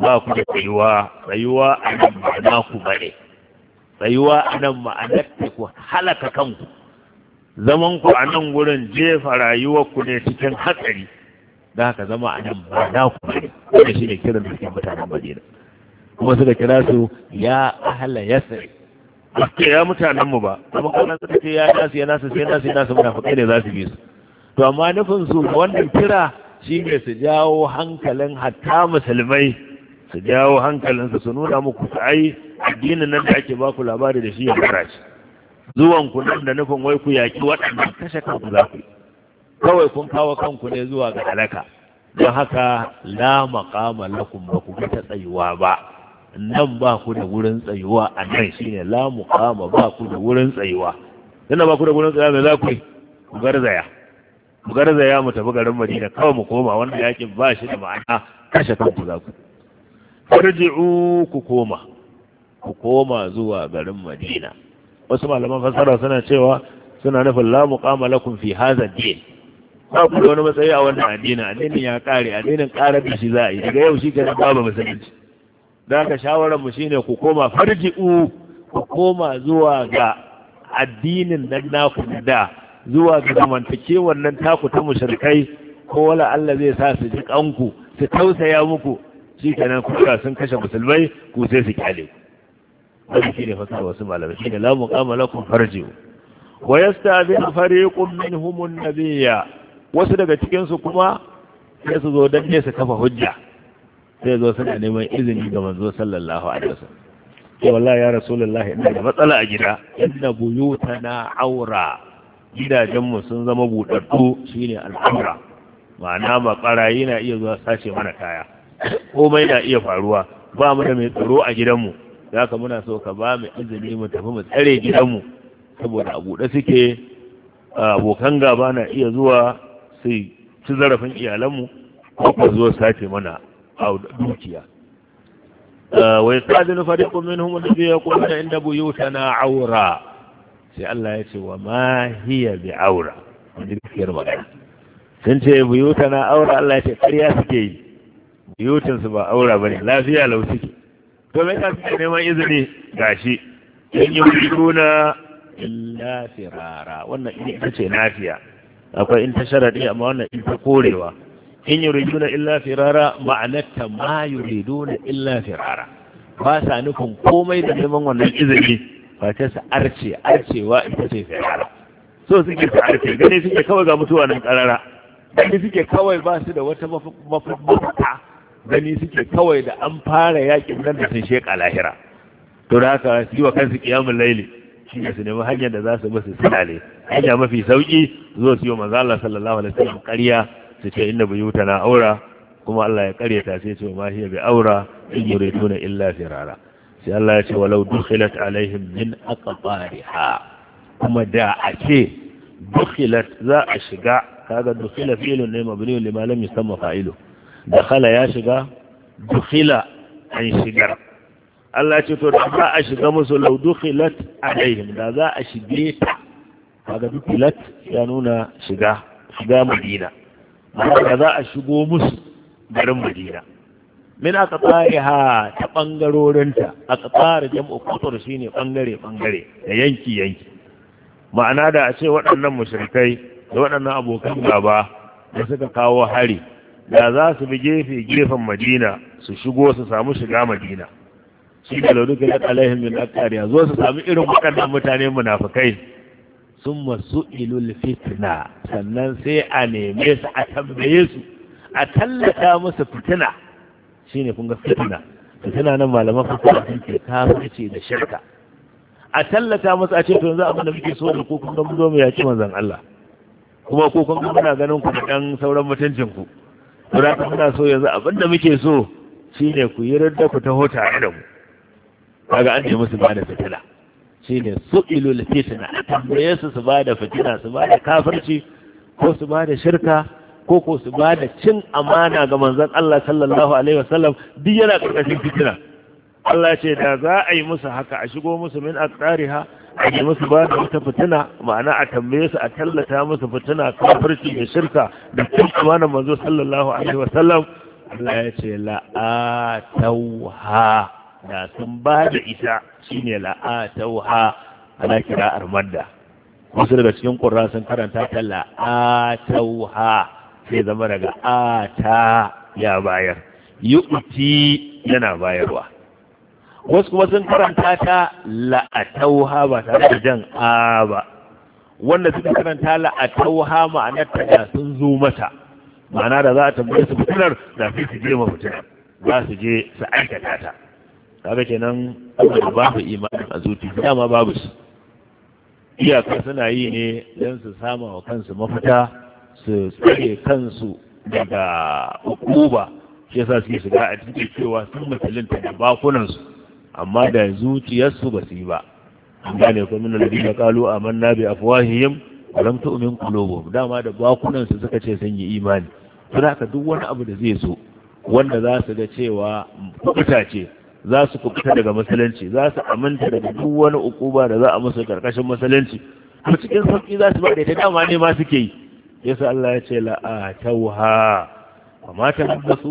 ba ku da tsayuwa tsayuwa a nan ma'ana ku bare tsayuwa a nan ma'anar ku halaka kanku zaman ku a nan gurin jefa rayuwar ku ne cikin hatsari da haka zama a nan ba na ku ne da shi ne kiran cikin mutanen Madina kuma suka kira su ya ahla yasri ba ya mutanen mu ba kuma kana suka ce ya nasu ya nasu sai nasu ya nasu munafikai ne za su bi su to amma nufin su wannan kira shi ne su jawo hankalin hatta musulmai su jawo hankalin su su nuna muku ai addinin nan da ake baku labari da shi ya fara shi zuwan ku nan da nufin wai ku yaƙi waɗannan kashe kanku za ku kawai kun kawo kanku ne zuwa ga halaka don haka la maqama lakum ba ku ta tsayuwa ba nan ba ku da wurin tsayuwa a nan shine la muqama ba ku da wurin tsayuwa dan ba ku da wurin tsayuwa za ku ku garzaya ku garzaya mu tafi garin Madina kawai mu koma wannan yaƙin ba shi da ma'ana kashe kanku za ku farji'u ku koma ku koma zuwa garin Madina wasu malaman fasara suna cewa suna nufin la muqama lakum fi hadha din ba ku da wani matsayi a wannan addinin addinin ya kare addinin karar da shi za a yi daga yau shi kenan babu musulunci dan haka shawarar mu shine ku koma farji'u ku koma zuwa ga addinin nan naku da zuwa ga zamantakewar wannan taku ta mushrikai ko wala Allah zai sa su ji kanku su tausaya muku shi kenan kuka sun kashe musulmai ku sai su kyale ku wani shi ne fasar wasu malamai shi ne la muqama lakum farji'u wa yasta'dhinu fariqun minhum an-nabiyya wasu daga cikin su kuma sai su zo dan ne su kafa hujja sai zo suna neman izini ga manzo sallallahu alaihi wasallam ya wallahi ya rasulullahi ina da matsala a gida inna buyutana aura gidajenmu sun zama buɗaɗɗu shine al'amra ma'ana ba na iya zuwa sace mana kaya komai na iya faruwa ba mu da mai tsaro a gidanmu za ka muna so ka ba mu izini mu tafi mu tsare gidanmu saboda a buɗe suke abokan gaba na iya zuwa su ci zarafin iyalanmu ko ka zo sace mana a dukiya wai sadin fariqu minhum alladhi yaquluna inna buyutana awra sai Allah ya ce wa ma hiya bi awra wanda gaskiyar magana sun ce buyutana awra Allah ya ce karya suke yi buyutin ba aura bane lafiya lau suke to me ka suke neman izini gashi in yi wujuduna na firara wannan ita ce nafiya akwai in ta sharadi amma wannan in ta korewa in yuriduna illa firara ma'anarta ma yuriduna na firara ba sa nufin komai da neman wannan izini ba ta sa arce arcewa ita ce firara so suke ta arce gani suke kawai ga mutuwa nan karara gani suke kawai ba su da wata mafita gani suke kawai da an fara yakin nan da sun sheƙa lahira to da haka su yi wa kansu kiyamun laili shi ne su nemi hanyar da za su bi su hanya mafi sauki zo su yi wa manzo Allah sallallahu alaihi wasallam ƙarya su ce inna buyutana aura kuma Allah ya ƙaryata sai ce ma hiya bi aura in yuriduna illa firara sai Allah ya ce walau dukhilat alaihim min aqbariha kuma da a ce dukhilat za a shiga kaga dukhilat fi'lun ne mabni lima lam yusamma dakhala ya shiga dukhila an shigar Allah ce to da ba a shiga musu law dukhilat alaihim da za a shige ta kaga dukhilat ya nuna shiga shiga Madina da za a shigo musu garin Madina min aka ha ta bangarorinta aka tsara jam'u kutur shine bangare bangare da yanki yanki ma'ana da a ce waɗannan mushrikai da waɗannan abokan gaba da suka kawo hari da za su bi gefe gefen madina su shigo su samu shiga madina shi da lauduka ya alaihim min akariya zo su samu irin waɗannan mutane munafukai sun masu ilul fitna sannan sai a neme su a tambaye su a tallata musu fitina shine kun ga fitina fitina nan malaman fitina sun ce kafirci da shirka a tallata musu a ce to yanzu abin da muke so da ku kun ga mu zo mu yaki manzon Allah kuma ko kun ga muna ganin ku da ɗan sauran mutuncin ku Kuna ta muna so yanzu abin da muke so shi ne ku yi rinda ku taho tare da mu kaga an ce musu bada fitila shine su'ilu lifitina a tambaye su su bada fitina su bada kafirci ko su bada shirka ko ko su bada cin amana ga manzon Allah sallallahu alaihi wasallam duk yana karkashin fitina Allah ce da za a yi musu haka a shigo musu min aqdariha a musu ba da wata fitina ma'ana a tambaye su a tallata musu fitina kafirci da shirka da cin amanar manzo sallallahu alaihi wa sallam Allah ya ce la'atauha da sun ba da ita shine la'atauha ana kira armadda wasu daga cikin ƙura sun karanta ta la'atauha sai zama daga ata ya bayar yu'ti yana bayarwa wasu kuma sun karanta ta la'atauha ba tare da jan a ba wanda suka karanta la'atauha ma'anar ta da sun zo mata ma'ana da za a tambaye su fitinar da fi su je ma fitinar za su je su aikata ta kaga kenan ba babu imanin a zuci ma babu su iyaka suna yi ne don su sama wa kansu mafita su tsare kansu daga hukuma shi yasa suke shiga a cikin cewa sun musulunta da bakunansu amma da zuciyarsu ba su yi ba an gane ko min alladhina qalu amanna bi afwahihim wa lam tu'min qulubuhum dama da bakunan su suka ce sun yi imani to haka duk wani abu da zai so wanda za su ga cewa kubuta ce za su kubuta daga masalanci za su aminta daga duk wani ukuba da za a musu karkashin musulunci a cikin sauki za su ba da ta dama ne ma suke yi yasa Allah ya ce la'atauha wa ma ta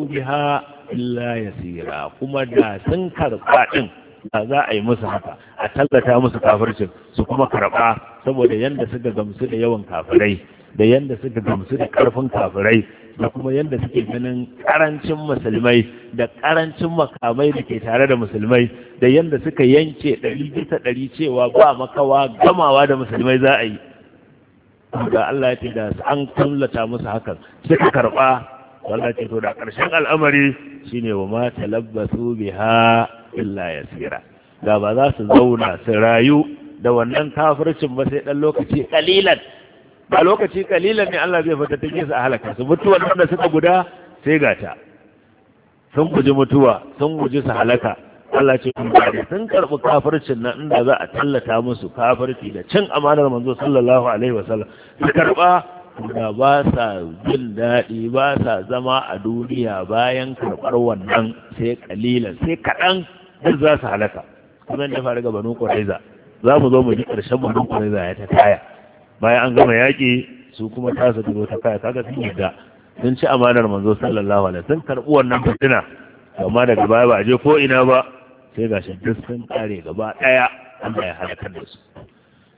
biha illa yasira kuma da sun karɓa din da za a yi musu haka a tallata musu kafircin su kuma karɓa saboda yanda suka gamsu da yawan kafirai da yanda suka gamsu da karfin kafirai da kuma yanda suke ganin karancin musulmai da karancin makamai da ke tare da musulmai da yanda suka yanke ɗari bisa ɗari cewa ba makawa gamawa da musulmai za a yi ga Allah ya ce da an kullata musu hakan suka karɓa wanda ce to da ƙarshen al'amari shine wa ma talabbasu biha illa yasira da ba za su zauna su rayu da wannan kafircin ba sai dan lokaci kalilan ba lokaci kalilan ne Allah zai fata take su a halaka su mutuwar wanda suka guda sai gata sun guji mutuwa sun guji su halaka Allah ce kun ba sun karɓi kafircin nan inda za a tallata musu kafirci da cin amanar manzo sallallahu alaihi wasallam su karba da ba sa jin daɗi ba sa zama a duniya bayan karɓar wannan sai kalilan sai kaɗan duk za su halaka kuma da fara ga banu ƙwaraiza za mu zo mu ji ƙarshen banu ƙwaraiza ya ta kaya bayan an gama yaƙi su kuma ta su zo ta kaya kaga sun yadda sun ci amanar manzo sallallahu alaihi sun karɓi wannan fitina amma daga baya ba a je ko ina ba sai ga duk sun ƙare gaba ɗaya Allah ya halakar da su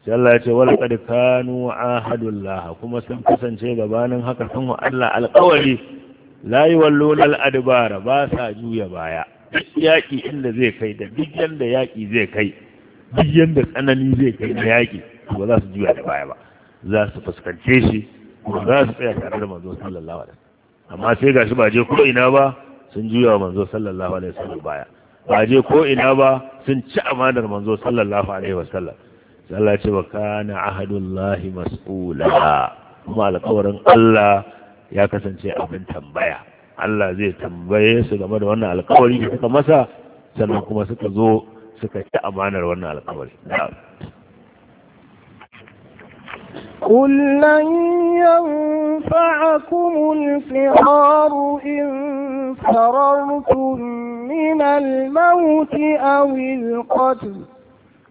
sai Allah ya ce wal qad kanu ahadullah kuma sun kasance gabanin haka sun Allah alƙawari la yuwalluna al ba sa juya baya yaƙi inda zai kai da duk yanda yaƙi zai kai duk yanda tsanani zai kai da yaƙi ba za su juya da baya ba za su fuskance shi kuma za su tsaya tare da manzo sallallahu alaihi wasallam amma sai gashi ba je ko ina ba sun juya wa manzo sallallahu alaihi wasallam baya ba je ko ina ba sun ci amanar manzo sallallahu alaihi wasallam Allah ce wa kana ahadullahi mas'ula kuma alƙawarin Allah ya kasance abin tambaya Allah zai tambaye su game da wannan alƙawari da suka masa sannan kuma suka zo suka ci amanar wannan alƙawari قل لن ينفعكم الفرار إن فررتم من الموت أو القتل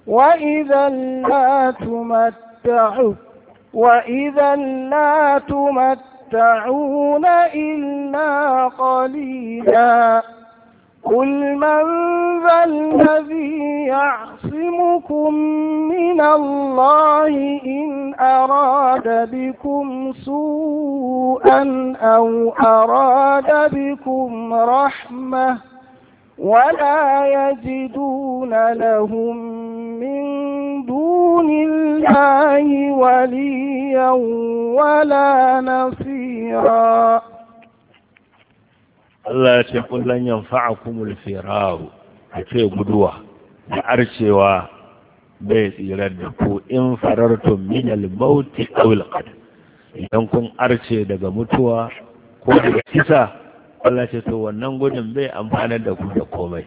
وإذا لا تمتع وإذا لا تمتعون إلا قليلا قل من ذا الذي يعصمكم من الله إن أراد بكم سوءا أو أراد بكم رحمةً ولا يجدون لهم من دون الله وليا ولا نصيرا Allah ya ce kullun yanfa'akumul firar ake guduwa da arcewa bai tsirar da kuɗin in farartum min al-maut aw al idan kun arce daga mutuwa ko daga kisa Allah ce to wannan gudun bai amfanar da ku da komai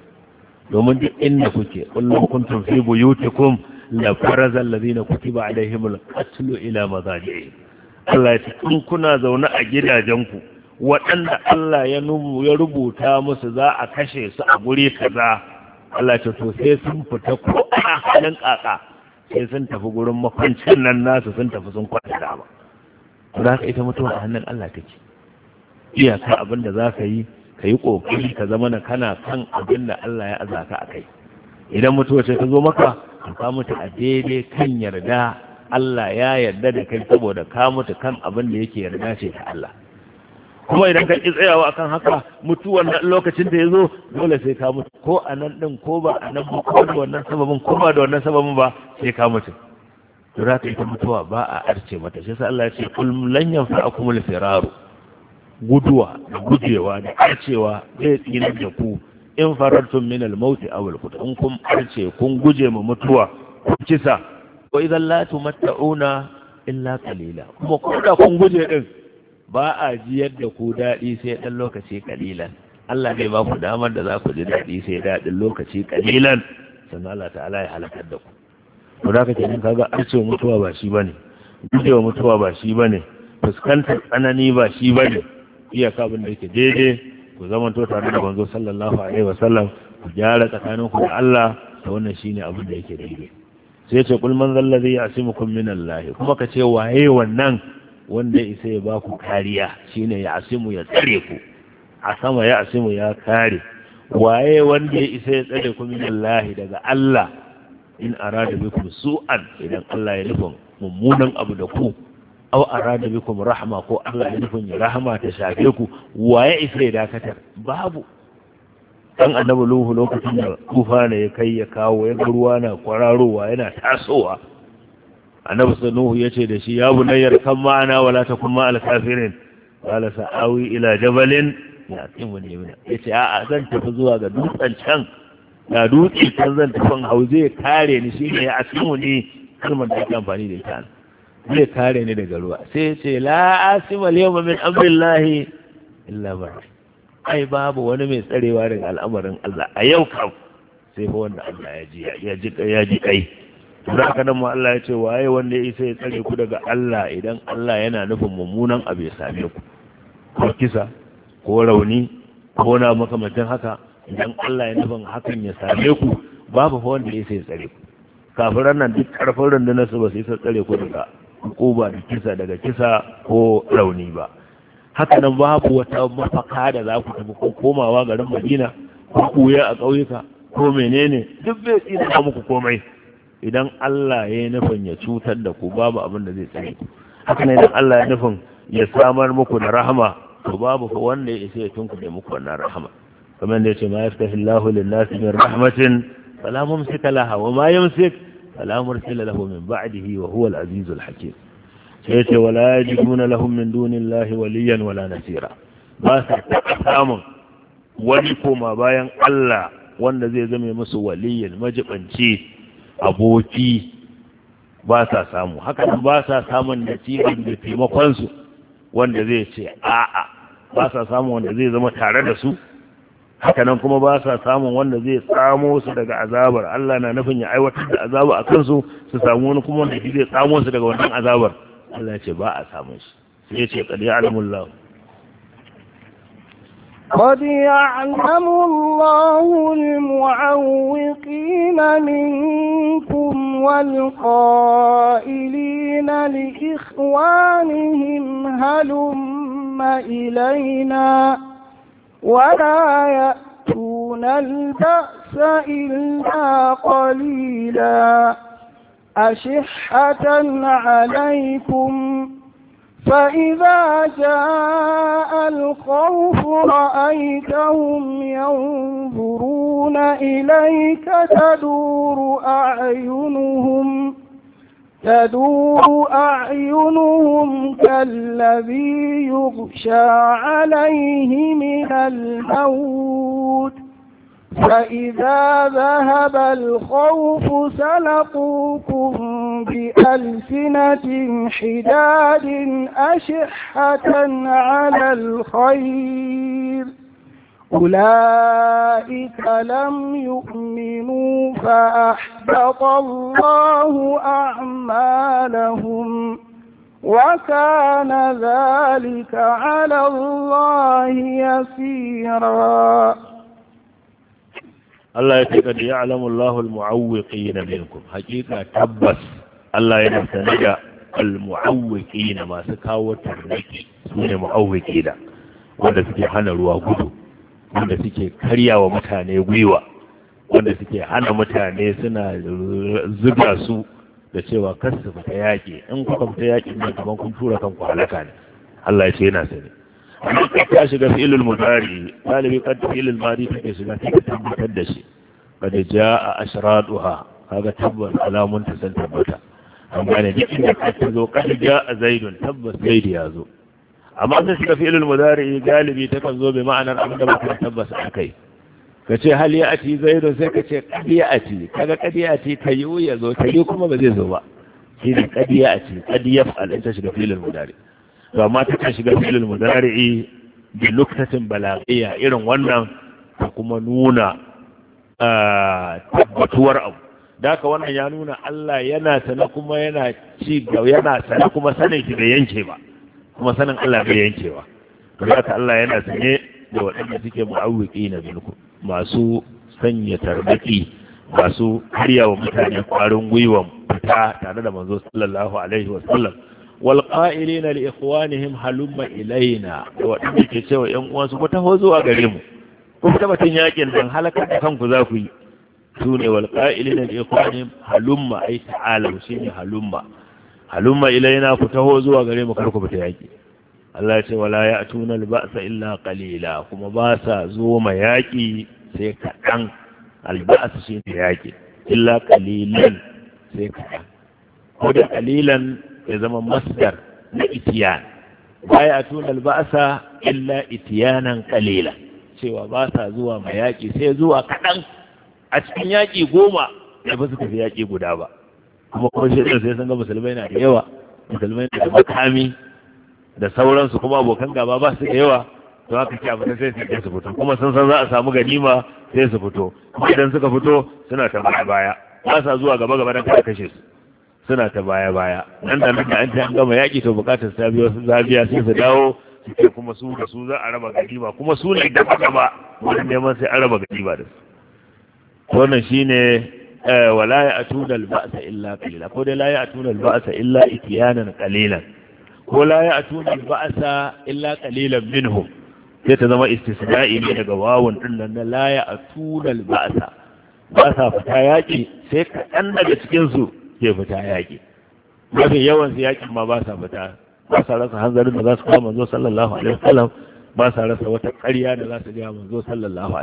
domin duk inda kuke kullum kuntum fi buyutikum la faraza allazina kutiba alaihim qatlu ila mazaji'i Allah ya ce kuna zaune a gidajen ku, waɗanda Allah ya rubuta musu za a kashe su a guri kaza Allah ce to sai sun fita ko a halin kaka sai sun tafi gurin makwancin nan nasu sun tafi sun kwata da ba. Za ita mutuwa a hannun Allah take. iyaka abin da za ka yi ka yi ƙoƙari ka zama na kana kan abin da Allah ya azaka a kai idan mutuwa ce ta zo maka ka ka mutu a daidai kan yarda Allah ya yarda da kai saboda ka mutu kan abin da yake yarda ce ta Allah kuma idan ka ƙi tsayawa akan haka mutuwan nan lokacin da ya zo dole sai ka mutu ko a nan ɗin ko ba a nan ba ko da wannan sababin ko ba da wannan sababin ba sai ka mutu to za ka ta mutuwa ba a arce mata shi sa Allah ya ce kullum lan yanfa'akumul firaru guduwa da gujewa da arcewa zai tsinar da ku in farartun min al-mauti aw al-qut in kun arce kun guje ma mutuwa kun kisa wa idan la tumatta'una illa qalila kuma ko da kun guje din ba a ji yadda ku dadi sai dan lokaci kalilan Allah ne ba ku damar da za ku ji dadi sai dadin lokaci kalilan sannan Allah ta'ala ya halakar da ku to da kake nan kaga arce mutuwa ba shi bane gujewa mutuwa ba shi bane fuskantar tsanani ba shi bane iyaka abin da yake daidai ku zamanto tare da manzo sallallahu alaihi wasallam ku gyara ku da Allah da wannan shine abin da yake daidai sai ce kul man zallazi ya'simukum min Allah kuma ka ce waye wannan wanda isa ya baku kariya shine asimu ya tsare ku a sama asimu ya kare waye wanda isa ya tsare ku min Allah daga Allah in arada bikum su'an idan Allah ya nufa mummunan abu da ku aw arada bikum rahma ko Allah ya nufin rahama ta shafe ku waye isa ya dakatar babu dan annabi luhu lokacin da kufa ne ya kai ya kawo ya ruwa na kwararowa yana tasowa annabi Nuhu yace da shi ya bunayyar kan ma'ana wala takun ma al-kafirin qala sa'awi ila jabalin yaqim ne Ya ce a'a zan tafi zuwa ga dutsen can Na dutsen can zan tafi hauze kare ni shine ya asimu ne kalmar da ake amfani da ita zai kare ni daga ruwa sai ce la asima yawma min amrillahi illa ba ai babu wani mai tsarewa daga al'amarin Allah a yau kam sai fa wanda Allah ya ji ya ji ya ji kai don haka nan ma Allah ya ce waye wanda ya isa ya tsare ku daga Allah idan Allah yana nufin mummunan abu ya same ku ko kisa ko rauni ko na makamantan haka idan Allah ya nufin hakan ya same ku babu fa wanda ya isa ya tsare ku kafiran nan duk karfin rundunar su ba su isa tsare ku daga ba da kisa daga kisa ko rauni ba haka nan babu wata mafaka da za ku tafi ko komawa garin madina ko kuya a ƙauyuka ko menene duk bai tsina muku komai idan Allah ya yi nufin ya cutar da ku babu abin da zai tsaye ku haka ne idan Allah ya nufin ya samar muku da rahama to babu fa wanda ya isa ya tunkuɗe muku wannan rahama kamar da ya ce ma ya Allahu lin-nasi min rahmatin fala sikala laha wa ma فلا مرسل له من بعده وهو العزيز الحكيم سيتي ولا يجدون لهم من دون الله وليا ولا نسيرا باسا تقسام ولكو ما باين الله wanda zai zama masu waliyin majibanci aboki ba sa samu hakan ba sa samun nasirin da taimakonsu wanda zai ce a'a ba sa samu wanda zai zama tare da su hakanan kuma ba sa samun wanda zai tsamo su daga azabar Allah na nufin ya aiwatar da azabu a kansu su samu wani kuma wanda zai samo su daga wannan azabar Allah ya ce ba a samu shi sai ya ce qad ya'lamu Allah قد يعلم الله المعوقين منكم ولا يأتون البأس إلا قليلا أشحة عليكم فإذا جاء الخوف رأيتهم ينظرون إليك تدور أعينهم تدور أعينهم كالذي يغشى عليه من الموت فإذا ذهب الخوف سلقوكم بألسنة حداد أشحة على الخير أولئك لم يؤمنوا فأحبط الله أعمالهم وكان ذلك على الله يسيرا الله يتقد يعلم الله المعوقين منكم حقيقة تبس الله يتنجى المعوقين ما سكاوة الركي سنة معوقين wanda suke hana ruwa gudu wanda suke karya wa mutane gwiwa wanda suke hana mutane suna zuga su da cewa kar su fita yaƙi in kuka fita yaƙi ne kaman kun tura kanku halaka ne Allah ya ce yana sani amma ka ta shiga filin mudari galibi kad fi'ilul madi take shiga take tabbatar da shi kad jaa ashraduha kaga tabbas alamun ta san tabbata amma ne duk inda ka zo kad jaa zaidun tabbas zaidi ya zo amma sun shiga fi'ilul mudari galibi takan zo bai ma'anar abin da ba ka tabbas a kai ka ce hal ya ati zaidun sai ka ce kad ya ati kaga kad ya ati ta yi ya zo ta yi kuma ba zai zo ba shi ne kad ya ati kad ya fa'al ita shiga fi'ilul mudari to amma takan shiga fi'ilul mudari bi lokacin balaghiya irin wannan ta kuma nuna tabbatuwar abu da daka wannan ya nuna Allah yana sana kuma yana ci yana sana kuma sanin shi bai yanke ba kuma sanin Allah bai yankewa Ya haka Allah yana sanye da waɗanda suke mu'awwiqi na bilku masu sanya tarbaki masu karya wa mutane ƙwarin gwiwa fita tare da manzo sallallahu alaihi wa sallam wal qa'ilina li ikhwanihim halumma ilaina da waɗanda ke cewa ƴan uwansu ku taho zuwa gare mu ku fita batun yakin dan halaka da kanku za ku yi sune wal qa'ilina li ikhwanihim halumma ay shi shine halumma halumma ilaina ku taho zuwa gare mu kar ku fita yaki Allah ya ce wala ya'tuna al-ba'sa illa qalila kuma ba sa zo ma yaki sai kadan al-ba's shi ne yaki illa qalilan sai kadan ko da qalilan ya zama masdar na itiyan ba ya'tuna al-ba'sa illa itiyanan qalila cewa ba sa zuwa ma yaki sai zuwa kadan a cikin yaki goma da ba su tafi yaki guda ba kuma kuma shi sai sun ga musulmai na da yawa musulmai na da makami da sauransu kuma abokan gaba ba su da yawa to haka ce abu sai su je su fito kuma sun san za a samu ganima sai su fito kuma idan suka fito suna ta baya baya ba sa zuwa gaba gaba don kada kashe su suna ta baya baya nan da nan an ta gama yaki to bukatar ta sun zabiya sai su dawo su ce kuma su da su za a raba ganima kuma su ne da gaba wajen neman sai an raba ganima da su wannan shine Eh, wala ya atuna alba'sa illa qalila ko dai la ya atuna illa itiyanan qalilan ko la ya atuna alba'sa illa qalilan minhum sai ta zama istisna'i ne daga wawun din na la ya atuna alba'sa ba sa fita yaki sai kaɗan daga cikinsu su ke fita yaki mafi yawan su yakin ma ba sa fita ba sa rasa hanzarin da za su kama sallallahu alaihi ba sa rasa wata karya da za su ga manzo sallallahu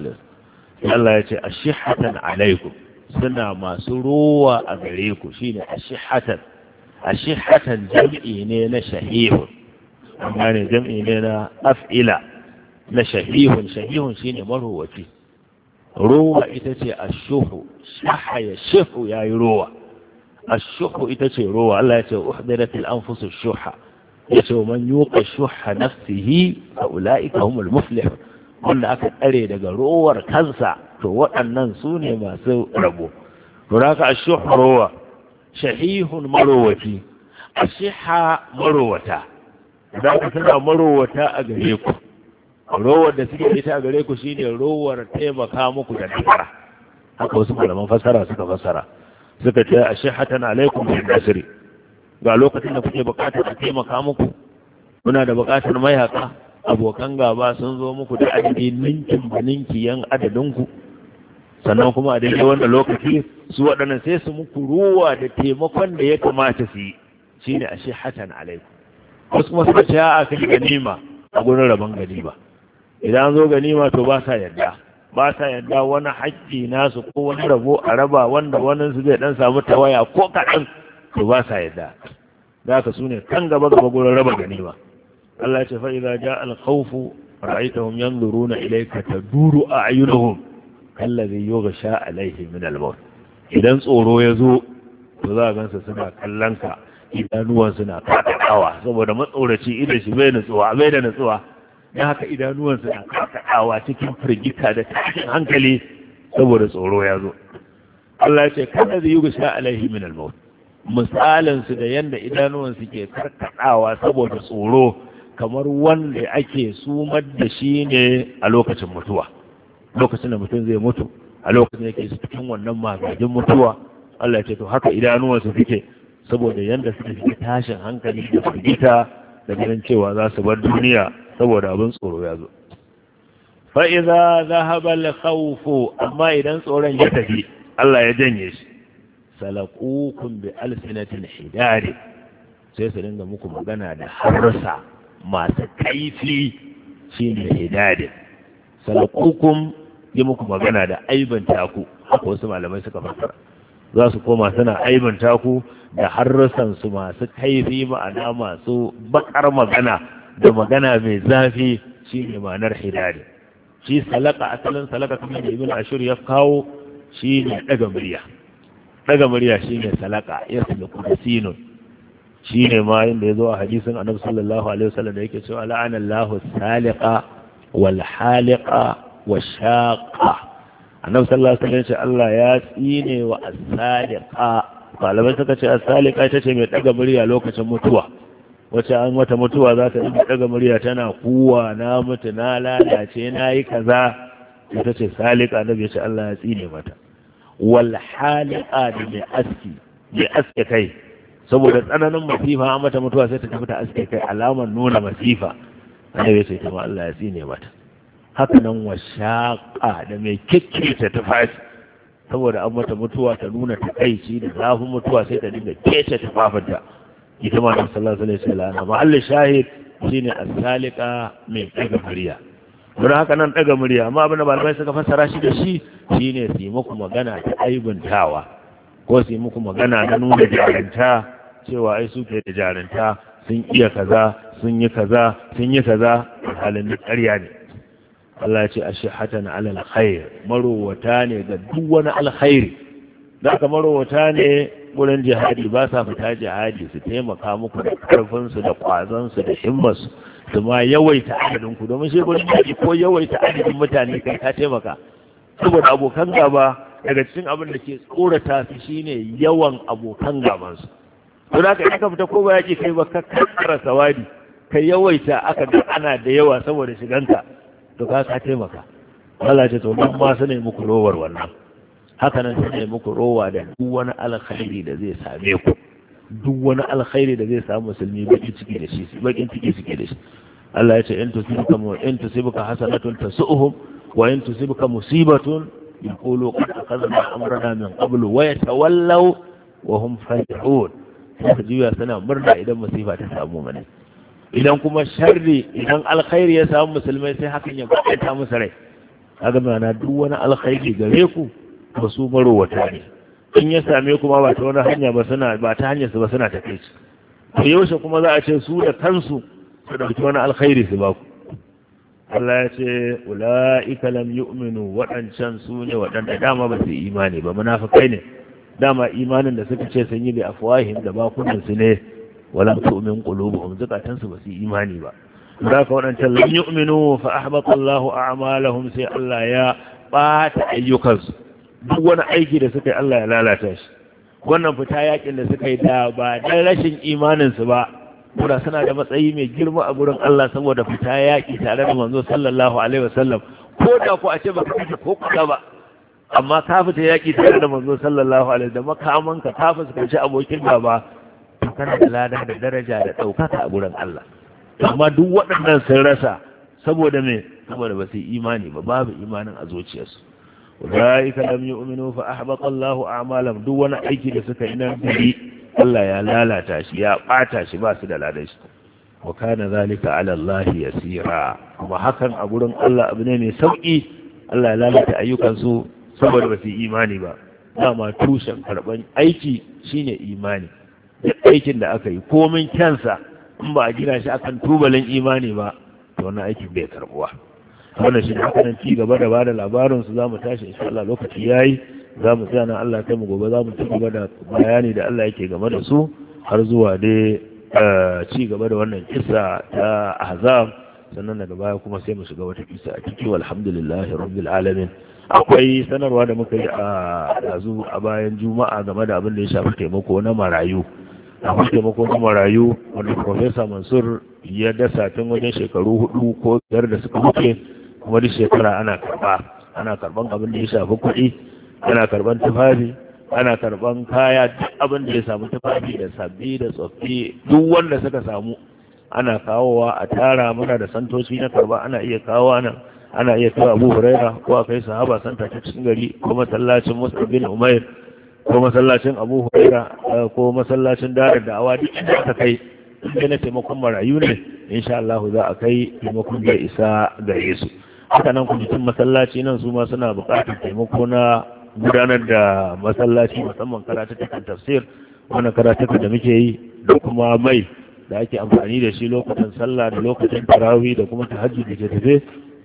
alaihi ya ce alaikum suna masu ruwa a gare ku shine ashihatan ashihatan jam'i ne na shahihun amma ne jam'i ne na af'ila na shahihun shahihun shine marwaci ruwa ita ce ashuhu shaha ya shihu yayi ruwa ashuhu ita ce ruwa Allah ya ce uhdirat anfus ash-shuha yace man yuqa shuha nafsihi fa ulaika humul muflihun wanda aka tsare daga rowar kansa to waɗannan su ne masu rabo to haka ashuhrowa shahihun marowati ashiha marowata da ku tana marowata a gare ku rowar da suke ita a gare ku shine rowar taimaka muku da nasara haka wasu malaman fasara suka fasara suka ce tana alaikum bin nasri ga lokacin da kuke bukatar a taimaka muku muna da bukatar mayaka abokan gaba sun zo muku da adadi ninkin ba 'yan adadinku sannan kuma a daidai wanda lokaci su waɗannan sai su muku ruwa da taimakon da ya kamata su yi shine ashe hatan alaiku. wasu kuma suka ce a kai ganima a gurin rabon ganima idan zo ganima to ba sa yarda ba sa yarda wani haƙƙi nasu ko wani rabo a raba wanda wani su zai dan samu tawaya ko kaɗan to ba sa yarda za ka su ne kan gaba gaba gurin raba ganima Allah ce ya ce yan idza na al-khawf ra'aytahum yanzuruna ilayka taduru a'yunuhum kallazi yughsha alayhi min al-maut idan tsoro ya zo to za gansa suna kallanka idanuwan suna kakadawa saboda matsoraci idan shi bai nutsuwa bai da nutsuwa dan haka idanuwan suna kakadawa cikin firgita da tashin hankali saboda tsoro ya zo Allah ce kalla zai yi yughsha alayhi min al-maut misalinsu da yadda idanuwan suke karkadawa saboda tsoro kamar wanda ake sumar da shi ne a lokacin mutuwa lokacin da mutum zai mutu a lokacin da yake cikin wannan magajin mutuwa Allah ya ce to haka idanuwansu suke saboda yanda suke fike tashin hankali da firgita da ganin cewa za su bar duniya saboda abin tsoro ya zo fa'iza za khawfu amma idan tsoron ya tafi Allah ya janye shi salakukun bi alsinatin hidari sai su dinga muku magana da harsa masu kaifi shi ne hidadin salakukum yi muku magana da aibin taku haka wasu malamai suka fassara za su koma suna aibin taku da harsunan su masu kaifi ma'ana masu bakar magana da magana mai zafi shi ne manar hidadin shi salaka asalin salaka kamar da ibn ashur ya kawo shi ne daga murya daga murya shi ne salaka ya da sinun shi ne ma inda ya zo a hadisin annabi sallallahu alaihi wasallam da yake cewa la'ana Allahu saliqa wal haliqa wa shaqa annabi sallallahu alaihi wasallam ce Allah ya tsine wa as-saliqa malamai suka ce as-saliqa ita ce mai daga murya lokacin mutuwa wacce an wata mutuwa za ta dinga daga murya tana kuwa na mutu na lalace na yi kaza ita ce salika annabi ya ce Allah ya tsine mata wal haliqa da mai aski mai aske kai saboda tsananin masifa an mata mutuwa sai ta tafi ta aske kai alamar nuna masifa annabi sai ta ma Allah ya tsine mata haka nan wa shaƙa da mai kekkece fashi saboda an mata mutuwa ta nuna ta takaici da zafin mutuwa sai ta dinga kece tufafinta ita ma nan sallallahu alaihi wasallam mahallin shahid shine as-salika mai daga murya don haka nan daga murya amma abin da malamai suka fassara shi da shi shine su yi muku magana ta aibuntawa ko su yi muku magana na nuna jarunta cewa ai su ke da jarinta sun iya kaza sun yi kaza sun yi kaza halin da ƙarya ne Allah ya ce ashihatan alal khair marowata ne ga duk wani alkhairi da ka marowata ne wurin jihadi ba sa fita jihadi su taimaka muku da karfin su da kwazon su da himmar su su ma yawaita adadin ku domin shi gurin jihadi ko yawaita adadin mutane kai ka taimaka saboda abokan gaba daga cikin abin da ke tsorata su shine yawan abokan gabansu to da ka aka fita ko ba ya ce kai ba ka kankara sawadi ka yawaita aka ga ana da yawa saboda shiganka to ka ka taimaka Allah ce to nan ma su ne muku rowar wannan haka nan su ne muku rowa da duk wani alkhairi da zai same ku duk wani alkhairi da zai samu musulmi bakin ciki da shi bakin ciki suke da shi Allah ya ce in tusibuka in tusibuka hasanatun tasuhum wa in tusibuka musibatun yaqulu qad akhadna amrana min qablu wa yatawallaw wa hum farihun ta juya suna murna idan masifa ta samu mana idan kuma sharri idan alkhairi ya samu musulmai sai hakan ya ta musu rai kaga mana duk wani alkhairi gare ku ba su maro wata ne in ya same kuma ba ta wani hanya ba suna ba ta hanyar su ba suna tafe su to yaushe kuma za a ce su da kansu su dauki wani alkhairi su ba ku Allah ya ce ula'ika lam yu'minu waɗancan su ne waɗanda dama ba su imani ba munafikai ne dama imanin da suka ce sun yi bi afwahim da bakunan su ne wala tu'min qulubuhum zakatan su basu imani ba da ka wadancan lam yu'minu fa ahbata Allahu a'malahum sai Allah ya bata ayyukansu duk wani aiki da suka yi Allah ya lalata shi wannan fita yakin da suka yi da ba dan rashin imanin su ba kuma suna da matsayi mai girma a gurin Allah saboda fita yaki tare da manzo sallallahu alaihi wasallam ko da ku a ce ba ku ko kuka ba amma ka fita yaƙi tare da manzo sallallahu alaihi da makamanka ka fuskanci abokin gaba kana da lada da daraja da ɗaukaka a gurin Allah amma duk waɗannan sun rasa saboda me saboda ba su imani ba babu imanin a zuciyarsu ulaika lam yu'minu fa ahbata Allahu a'malam duk wani aiki da suka yi nan gari Allah ya lalata shi ya bata shi ba su da ladan shi wa kana zalika ala Allah yasira kuma hakan a gurin Allah abu ne mai sauki Allah ya lalata ayyukan su saboda ba su imani ba dama tushen karɓar aiki shine imani duk aikin da aka yi komin kyansa in ba a gina shi akan tubalin imani ba to wannan aikin bai karɓuwa wannan shi haka nan ci gaba da bada labarin su zamu tashi insha Allah lokaci yayi zamu tsaya nan Allah ta mu gobe zamu ci gaba da bayani da Allah yake game da su har zuwa dai eh, ci gaba da wannan kissa ta ahzab sannan daga baya kuma sai mu shiga wata kissa a ciki walhamdulillahi rabbil alamin akwai sanarwa da muka yi a yanzu a bayan juma'a game da abin da ya shafi taimako na marayu kuma taimako na marayu wanda profesa mansur ya dasa tun wajen shekaru hudu ko biyar da suka wuce kuma duk shekara ana karba ana karban abin da ya shafi kuɗi ana karban tufafi ana karban kaya duk abin da ya samu tufafi da sabbi da tsoffi duk wanda suka samu ana kawowa a tara mana da santoci na karba ana iya kawo nan ana iya kai abu huraira ko a kai sahaba san take cikin gari ko masallacin musa bin umair ko masallacin abu huraira eh, ko masallacin darar da awa duk inda aka kai inda na taimakon marayu ne insha Allah za a kai taimakon da isa ga yesu haka nan masallaci nan su ma suna buƙatar taimako na gudanar da masallaci musamman ta tafsir wannan karatu da muke yi da kuma mai da ake amfani da shi lokacin sallah da lokacin tarawih da kuma tahajjud da tafe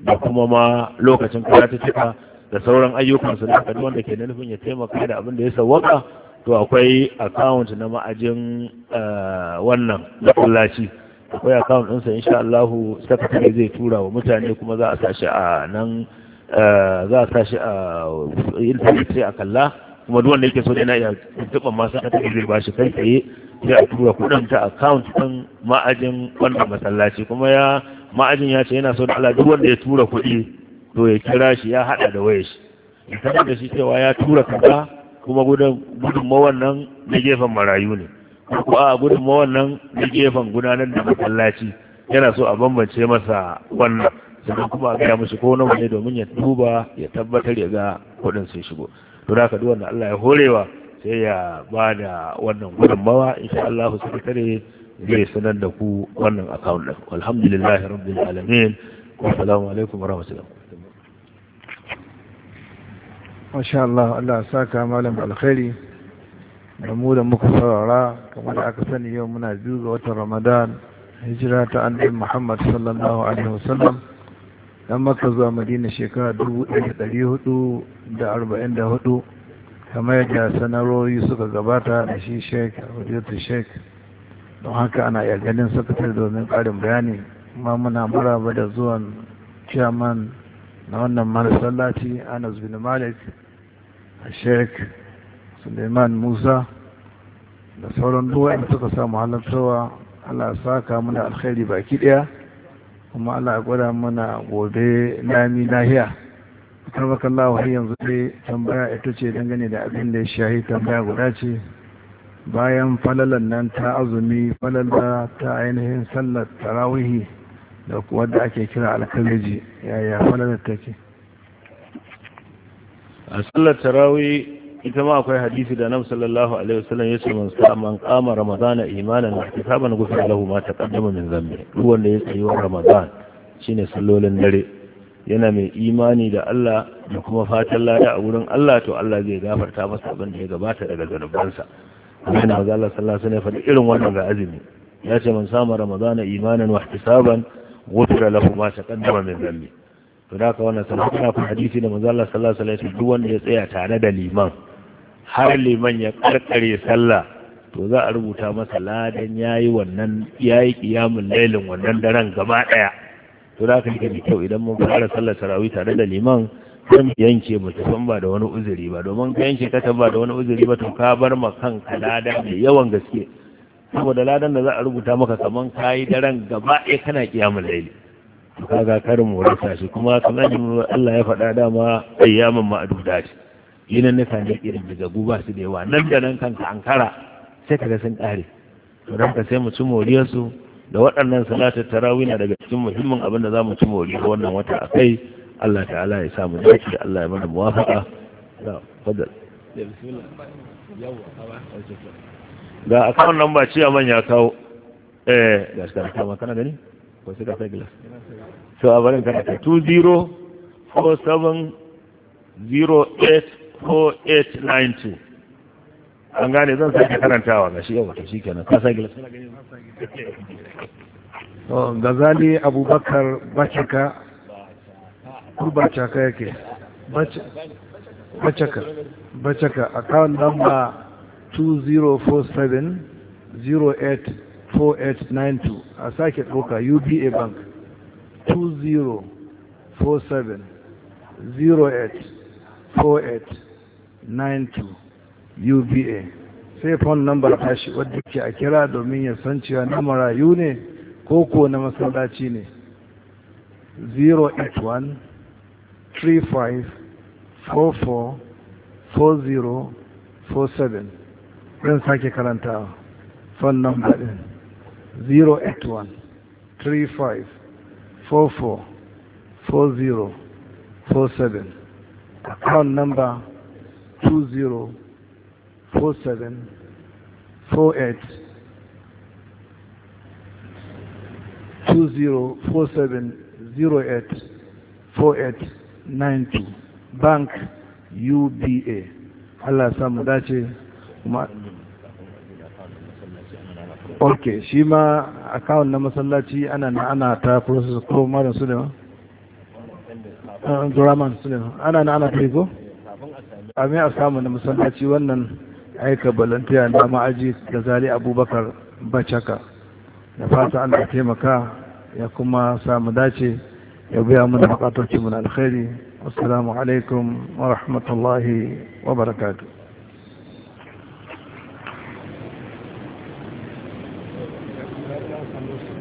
da kuma ma lokacin karatuttuka da sauran ayyukan su na wanda ke nufin ya taimaka da abin da ya sawwaka to akwai account na ma'ajin eh, wannan masallaci akwai account ɗinsa insha Allah sakatare zai tura wa mutane kuma za a sashi a nan eh, za a sashi a internet sai a kalla kuma duk wanda yake so yana iya tuntuɓa ma sakatare zai bashi kai tsaye sai a tura kuɗin ta account ɗin ma'ajin wannan masallaci kuma ya ma'ajin ya ce yana so da Allah duk wanda ya tura kuɗi to ya kira shi ya haɗa da waya shi ya sanar da shi cewa ya tura kaza kuma gudun nan na gefen marayu ne ko a gudunmawan nan na gefen gudanar da masallaci yana so a bambance masa wannan sannan kuma a gaya musu ko nawa ne domin ya duba ya tabbatar ya ga kuɗin sun shigo to da ka duk wanda Allah ya horewa sai ya ba da wannan mawa insha Allah su tare zai sanar da ku wannan account din alhamdulillah rabbil alamin assalamu alaikum warahmatullahi Masha Allah Allah saka malam alkhairi da mu da muka saurara kamar da aka sani yau muna biyu ga watan Ramadan hijira ta annabi Muhammad sallallahu alaihi wasallam dan maka zuwa madina shekara 1444 kamar yadda sanarori suka gabata da shi sheik hujjatu sheik don haka ana iya ganin sakatar domin karin bayani ma muna maraba da zuwan chairman na wannan masallaci anas bin malik sheik suleiman musa da sauran in suka samu halartarwa allah saka muna alkhairi baki daya kuma ala gwada mana gobe lami lahiya karbakan lawa har yanzu dai tambaya ita ce dangane da abin da ya shahi tambaya guda ce bayan falalan nan ta azumi falala ta ainihin sallar tarawihi da wadda ake kira alkalaji yaya falalar take a sallar tarawihi ita ma akwai hadisi da nan sallallahu alaihi wasallam ya ce man man kama ramadana imanan wa kitaban gufar lahu ma taqaddama min dhanbi duk wanda ya tsayi ramadan shine sallolin dare yana mai imani da Allah da kuma fatan lada a wurin Allah to Allah zai gafarta masa abin da ya gabata daga zanubansa kamar da maza Allah sallallahu alaihi wasallam ya faɗi irin wannan ga azumi ya ce man sama ramadana imanin wa ihtisaban ghufira lahu ma taqaddama min dhanbi to da ka wannan sanan kuma fa hadisi da manzo Allah sallallahu alaihi wasallam duk wanda ya tsaya tare da liman har liman ya karkare sallah to za a rubuta masa ladan yayi wannan yayi qiyamul lailin wannan daren gaba daya to da ka yake da kyau idan mun fara sallar tarawih tare da liman zan yanke ba ta san ba da wani uzuri ba domin ka yanke ka ba da wani uzuri ba to ka bar ma kanka lada mai yawan gaske saboda ladan da za a rubuta maka kaman ka yi daren gaba ɗaya kana kiyamun laili to ka ga karin wani shi kuma kamar Allah ya faɗa dama ayyaman ma'aduda ce yinan na ne irin daga guba su da yawa nan da nan kanka an kara sai kaga sun ƙare to don ka sai mu ci moriyarsu da waɗannan salatar tarawih na daga cikin muhimmin abin da za mu ci moriyar wannan wata akai. Allah ta'ala ya samu dace Allah ya mana muwafaka da fadal ga akawun nan ba ciya manya kawo eh ga shi ta ma kana gani ko sai ka sai glass so a barin kana 20470842 an gane zan sake karantawa ga shi yawa to shikenan ka sai glass kana oh, Gazali Abubakar bachika ku yake bacaka bacaka account number 2047 a sake ɗauka uba bank 2047 uba sai phone number tashi wadda ke a kira domin ya san cewa na marayu ne ko ko na masallaci ne 081 three five four four four zero four seven zan sake phone number zero eight one three five four four four zero four seven account number two zero four seven four eight two zero four seven zero eight four eight 90 bank uba allah samu dace ok shi ma akawun na masallaci ana na ana ta process ko marin su da eh, duraman su da ana na ana ta ko a mai a samu na masallaci wannan aika balantiya na ma'aji da zari abubakar bacaka da fata allah taimaka ya kuma samu dace يبيع من حقاتك من الخير والسلام عليكم ورحمة الله وبركاته